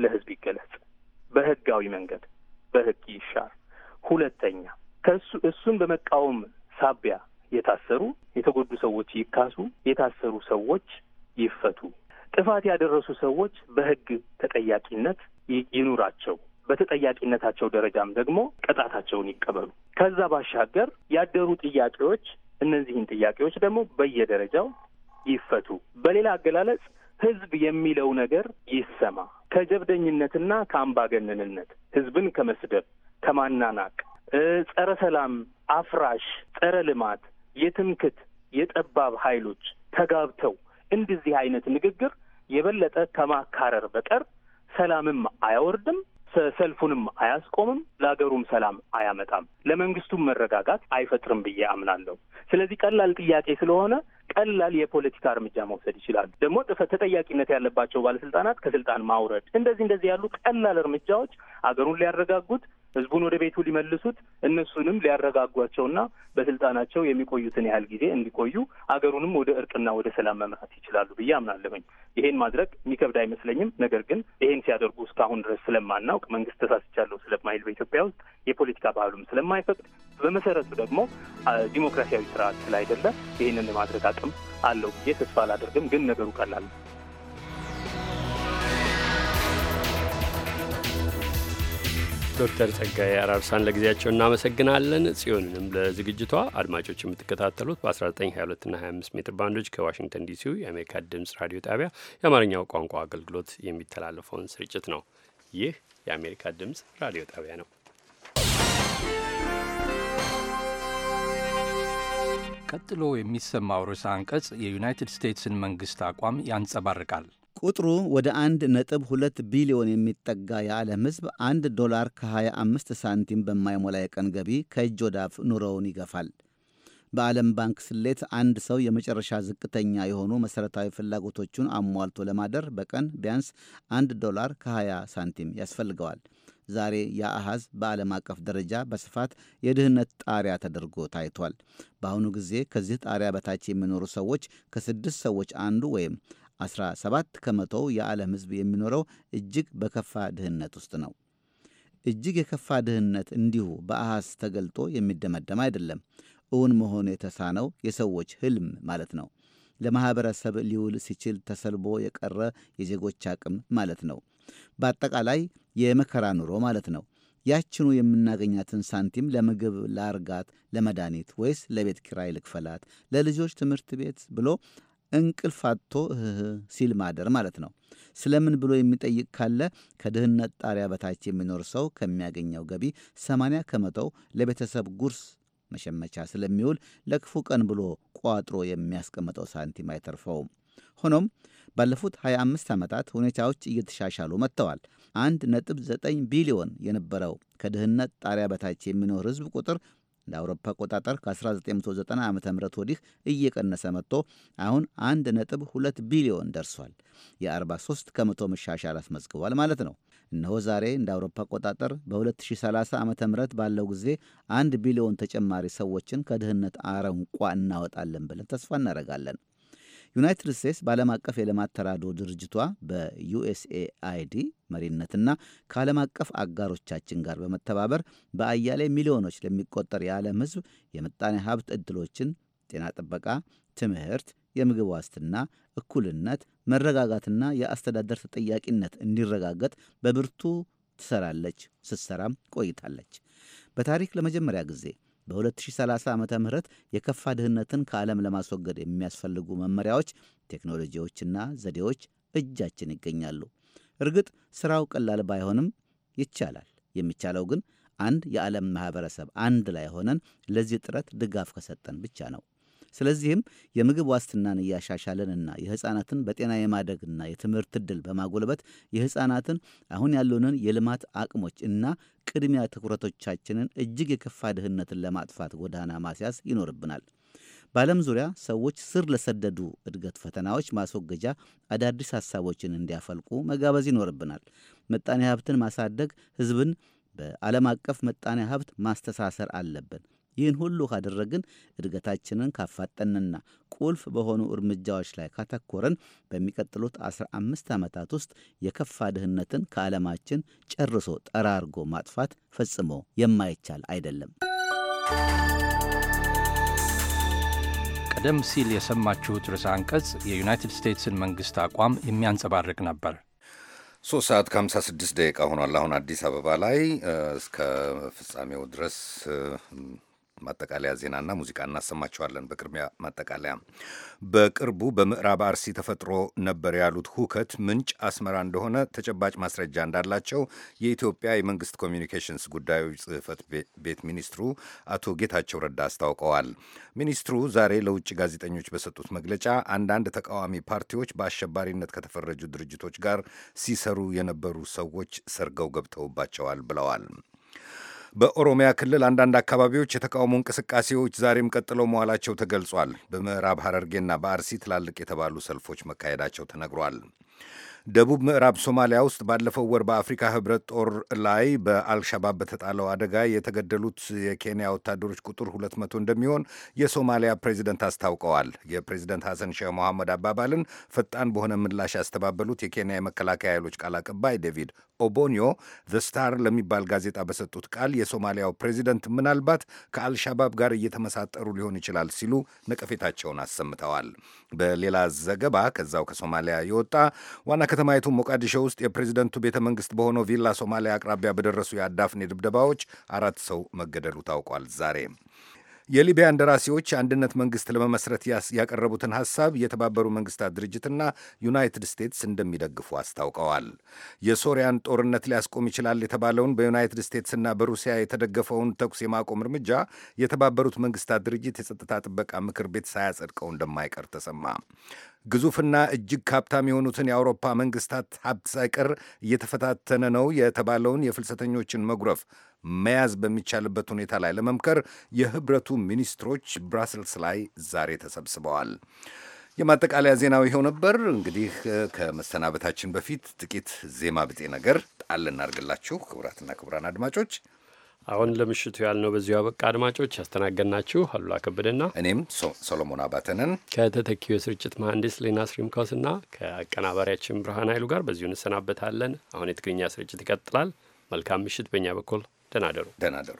ለህዝብ ይገለጽ፣ በህጋዊ መንገድ በህግ ይሻር። ሁለተኛ ከእሱ እሱን በመቃወም ሳቢያ የታሰሩ የተጎዱ ሰዎች ይካሱ፣ የታሰሩ ሰዎች ይፈቱ ጥፋት ያደረሱ ሰዎች በህግ ተጠያቂነት ይኑራቸው። በተጠያቂነታቸው ደረጃም ደግሞ ቅጣታቸውን ይቀበሉ። ከዛ ባሻገር ያደሩ ጥያቄዎች እነዚህን ጥያቄዎች ደግሞ በየደረጃው ይፈቱ። በሌላ አገላለጽ ህዝብ የሚለው ነገር ይሰማ። ከጀብደኝነትና ከአምባገነንነት ህዝብን ከመስደብ ከማናናቅ፣ ጸረ ሰላም፣ አፍራሽ፣ ጸረ ልማት፣ የትምክት የጠባብ ኃይሎች ተጋብተው እንደዚህ አይነት ንግግር የበለጠ ከማካረር በቀር ሰላምም አያወርድም፣ ሰልፉንም አያስቆምም፣ ለሀገሩም ሰላም አያመጣም፣ ለመንግስቱም መረጋጋት አይፈጥርም ብዬ አምናለሁ። ስለዚህ ቀላል ጥያቄ ስለሆነ ቀላል የፖለቲካ እርምጃ መውሰድ ይችላሉ። ደግሞ ጥፈት ተጠያቂነት ያለባቸው ባለስልጣናት ከስልጣን ማውረድ፣ እንደዚህ እንደዚህ ያሉ ቀላል እርምጃዎች አገሩን ሊያረጋጉት ህዝቡን ወደ ቤቱ ሊመልሱት እነሱንም ሊያረጋጓቸውና በስልጣናቸው የሚቆዩትን ያህል ጊዜ እንዲቆዩ አገሩንም ወደ እርቅና ወደ ሰላም መምራት ይችላሉ ብዬ አምናለሁኝ። ይሄን ማድረግ የሚከብድ አይመስለኝም። ነገር ግን ይሄን ሲያደርጉ እስካሁን ድረስ ስለማናውቅ መንግስት ተሳስቻለሁ ስለማይል በኢትዮጵያ ውስጥ የፖለቲካ ባህሉም ስለማይፈቅድ በመሰረቱ ደግሞ ዲሞክራሲያዊ ስርዓት ስላይደለ ይህንን ማድረግ አቅም አለው ብዬ ተስፋ አላደርግም። ግን ነገሩ ቀላል ነው። ዶክተር ጸጋዬ አራርሳን ለጊዜያቸው እናመሰግናለን። ጽዮንንም ለዝግጅቷ። አድማጮች የምትከታተሉት በ 1922 እና 25 ሜትር ባንዶች ከዋሽንግተን ዲሲው የአሜሪካ ድምፅ ራዲዮ ጣቢያ የአማርኛው ቋንቋ አገልግሎት የሚተላለፈውን ስርጭት ነው። ይህ የአሜሪካ ድምፅ ራዲዮ ጣቢያ ነው። ቀጥሎ የሚሰማው ርዕሰ አንቀጽ የዩናይትድ ስቴትስን መንግሥት አቋም ያንጸባርቃል። ቁጥሩ ወደ አንድ ነጥብ ሁለት ቢሊዮን የሚጠጋ የዓለም ሕዝብ አንድ ዶላር ከ25 ሳንቲም በማይሞላ የቀን ገቢ ከእጅ ወዳፍ ኑሮውን ይገፋል። በዓለም ባንክ ስሌት አንድ ሰው የመጨረሻ ዝቅተኛ የሆኑ መሠረታዊ ፍላጎቶቹን አሟልቶ ለማደር በቀን ቢያንስ አንድ ዶላር ከ20 ሳንቲም ያስፈልገዋል። ዛሬ የአሃዝ በዓለም አቀፍ ደረጃ በስፋት የድህነት ጣሪያ ተደርጎ ታይቷል። በአሁኑ ጊዜ ከዚህ ጣሪያ በታች የሚኖሩ ሰዎች ከስድስት ሰዎች አንዱ ወይም 17 ከመቶው የዓለም ሕዝብ የሚኖረው እጅግ በከፋ ድህነት ውስጥ ነው። እጅግ የከፋ ድህነት እንዲሁ በአሃዝ ተገልጦ የሚደመደም አይደለም። እውን መሆኑ የተሳነው የሰዎች ህልም ማለት ነው። ለማኅበረሰብ ሊውል ሲችል ተሰልቦ የቀረ የዜጎች አቅም ማለት ነው። በአጠቃላይ የመከራ ኑሮ ማለት ነው። ያችኑ የምናገኛትን ሳንቲም ለምግብ፣ ለአርጋት፣ ለመድኃኒት ወይስ ለቤት ኪራይ ልክፈላት፣ ለልጆች ትምህርት ቤት ብሎ እንቅልፍ አጥቶ እህህ ሲል ማደር ማለት ነው። ስለምን ብሎ የሚጠይቅ ካለ ከድህነት ጣሪያ በታች የሚኖር ሰው ከሚያገኘው ገቢ 80 ከመቶው ለቤተሰብ ጉርስ መሸመቻ ስለሚውል ለክፉ ቀን ብሎ ቋጥሮ የሚያስቀምጠው ሳንቲም አይተርፈውም። ሆኖም ባለፉት 25 ዓመታት ሁኔታዎች እየተሻሻሉ መጥተዋል። 1.9 ቢሊዮን የነበረው ከድህነት ጣሪያ በታች የሚኖር ህዝብ ቁጥር እንደ አውሮፓ አቆጣጠር ከ1990 ዓ ም ወዲህ እየቀነሰ መጥቶ አሁን 1.2 ቢሊዮን ደርሷል። የ43 ከመቶ መሻሻል አስመዝግቧል ማለት ነው። እነሆ ዛሬ እንደ አውሮፓ አቆጣጠር በ2030 ዓ ም ባለው ጊዜ አንድ ቢሊዮን ተጨማሪ ሰዎችን ከድህነት አረንቋ እናወጣለን ብለን ተስፋ እናደርጋለን። ዩናይትድ ስቴትስ በዓለም አቀፍ የልማት ተራድኦ ድርጅቷ በዩኤስኤአይዲ መሪነትና ከዓለም አቀፍ አጋሮቻችን ጋር በመተባበር በአያሌ ሚሊዮኖች ለሚቆጠር የዓለም ሕዝብ የምጣኔ ሀብት ዕድሎችን፣ ጤና ጥበቃ፣ ትምህርት፣ የምግብ ዋስትና፣ እኩልነት፣ መረጋጋትና የአስተዳደር ተጠያቂነት እንዲረጋገጥ በብርቱ ትሰራለች፣ ስትሰራም ቆይታለች። በታሪክ ለመጀመሪያ ጊዜ በ2030 ዓ ም የከፋ ድህነትን ከዓለም ለማስወገድ የሚያስፈልጉ መመሪያዎች፣ ቴክኖሎጂዎችና ዘዴዎች እጃችን ይገኛሉ። እርግጥ ሥራው ቀላል ባይሆንም ይቻላል። የሚቻለው ግን አንድ የዓለም ማኅበረሰብ አንድ ላይ ሆነን ለዚህ ጥረት ድጋፍ ከሰጠን ብቻ ነው። ስለዚህም የምግብ ዋስትናን እያሻሻለንና የሕፃናትን በጤና የማደግና የትምህርት ዕድል በማጎልበት የሕፃናትን አሁን ያሉንን የልማት አቅሞች እና ቅድሚያ ትኩረቶቻችንን እጅግ የከፋ ድህነትን ለማጥፋት ጎዳና ማስያዝ ይኖርብናል። በዓለም ዙሪያ ሰዎች ስር ለሰደዱ እድገት ፈተናዎች ማስወገጃ አዳዲስ ሀሳቦችን እንዲያፈልቁ መጋበዝ ይኖርብናል። ምጣኔ ሀብትን ማሳደግ፣ ህዝብን በዓለም አቀፍ ምጣኔ ሀብት ማስተሳሰር አለብን። ይህን ሁሉ ካደረግን እድገታችንን ካፋጠንና ቁልፍ በሆኑ እርምጃዎች ላይ ካተኮረን በሚቀጥሉት 15 ዓመታት ውስጥ የከፋ ድህነትን ከዓለማችን ጨርሶ ጠራርጎ ማጥፋት ፈጽሞ የማይቻል አይደለም። ቀደም ሲል የሰማችሁት ርዕሰ አንቀጽ የዩናይትድ ስቴትስን መንግሥት አቋም የሚያንጸባርቅ ነበር። ሶስት ሰዓት ከሀምሳ ስድስት ደቂቃ ሆኗል። አሁን አዲስ አበባ ላይ እስከ ፍጻሜው ድረስ ማጠቃለያ ዜናና ሙዚቃ እናሰማቸዋለን። በቅድሚያ ማጠቃለያ። በቅርቡ በምዕራብ አርሲ ተፈጥሮ ነበር ያሉት ሁከት ምንጭ አስመራ እንደሆነ ተጨባጭ ማስረጃ እንዳላቸው የኢትዮጵያ የመንግስት ኮሚኒኬሽንስ ጉዳዮች ጽህፈት ቤት ሚኒስትሩ አቶ ጌታቸው ረዳ አስታውቀዋል። ሚኒስትሩ ዛሬ ለውጭ ጋዜጠኞች በሰጡት መግለጫ አንዳንድ ተቃዋሚ ፓርቲዎች በአሸባሪነት ከተፈረጁ ድርጅቶች ጋር ሲሰሩ የነበሩ ሰዎች ሰርገው ገብተውባቸዋል ብለዋል። በኦሮሚያ ክልል አንዳንድ አካባቢዎች የተቃውሞ እንቅስቃሴዎች ዛሬም ቀጥለው መዋላቸው ተገልጿል። በምዕራብ ሐረርጌና በአርሲ ትላልቅ የተባሉ ሰልፎች መካሄዳቸው ተነግሯል። ደቡብ ምዕራብ ሶማሊያ ውስጥ ባለፈው ወር በአፍሪካ ህብረት ጦር ላይ በአልሻባብ በተጣለው አደጋ የተገደሉት የኬንያ ወታደሮች ቁጥር ሁለት መቶ እንደሚሆን የሶማሊያ ፕሬዚደንት አስታውቀዋል። የፕሬዚደንት ሐሰን ሼህ መሐመድ አባባልን ፈጣን በሆነ ምላሽ ያስተባበሉት የኬንያ የመከላከያ ኃይሎች ቃል አቀባይ ዴቪድ ኦቦኒዮ ዘ ስታር ለሚባል ጋዜጣ በሰጡት ቃል የሶማሊያው ፕሬዚደንት ምናልባት ከአልሻባብ ጋር እየተመሳጠሩ ሊሆን ይችላል ሲሉ ነቀፌታቸውን አሰምተዋል። በሌላ ዘገባ ከዛው ከሶማሊያ የወጣ ዋና ከተማይቱ ሞቃዲሾ ውስጥ የፕሬዚደንቱ ቤተ መንግስት በሆነው ቪላ ሶማሊያ አቅራቢያ በደረሱ የአዳፍኔ ድብደባዎች አራት ሰው መገደሉ ታውቋል ዛሬ የሊቢያ እንደራሴዎች አንድነት መንግስት ለመመስረት ያቀረቡትን ሐሳብ የተባበሩ መንግስታት ድርጅትና ዩናይትድ ስቴትስ እንደሚደግፉ አስታውቀዋል። የሶሪያን ጦርነት ሊያስቆም ይችላል የተባለውን በዩናይትድ ስቴትስና በሩሲያ የተደገፈውን ተኩስ የማቆም እርምጃ የተባበሩት መንግስታት ድርጅት የጸጥታ ጥበቃ ምክር ቤት ሳያጸድቀው እንደማይቀር ተሰማ። ግዙፍና እጅግ ሀብታም የሆኑትን የአውሮፓ መንግስታት ሀብት ሳይቀር እየተፈታተነ ነው የተባለውን የፍልሰተኞችን መጉረፍ መያዝ በሚቻልበት ሁኔታ ላይ ለመምከር የህብረቱ ሚኒስትሮች ብራስልስ ላይ ዛሬ ተሰብስበዋል። የማጠቃለያ ዜናው ይኸው ነበር። እንግዲህ ከመሰናበታችን በፊት ጥቂት ዜማ ብጤ ነገር ጣል እናርግላችሁ። ክቡራትና ክቡራን አድማጮች አሁን ለምሽቱ ያልነው በዚሁ አበቃ። አድማጮች ያስተናገድናችሁ አሉላ ከበደና እኔም ሶሎሞን አባተንን ከተተኪው የስርጭት መሐንዲስ ሌና ስሪምካውስና ከአቀናባሪያችን ብርሃን ኃይሉ ጋር በዚሁ እንሰናበታለን። አሁን የትግርኛ ስርጭት ይቀጥላል። መልካም ምሽት በእኛ በኩል ደህና ደሩ።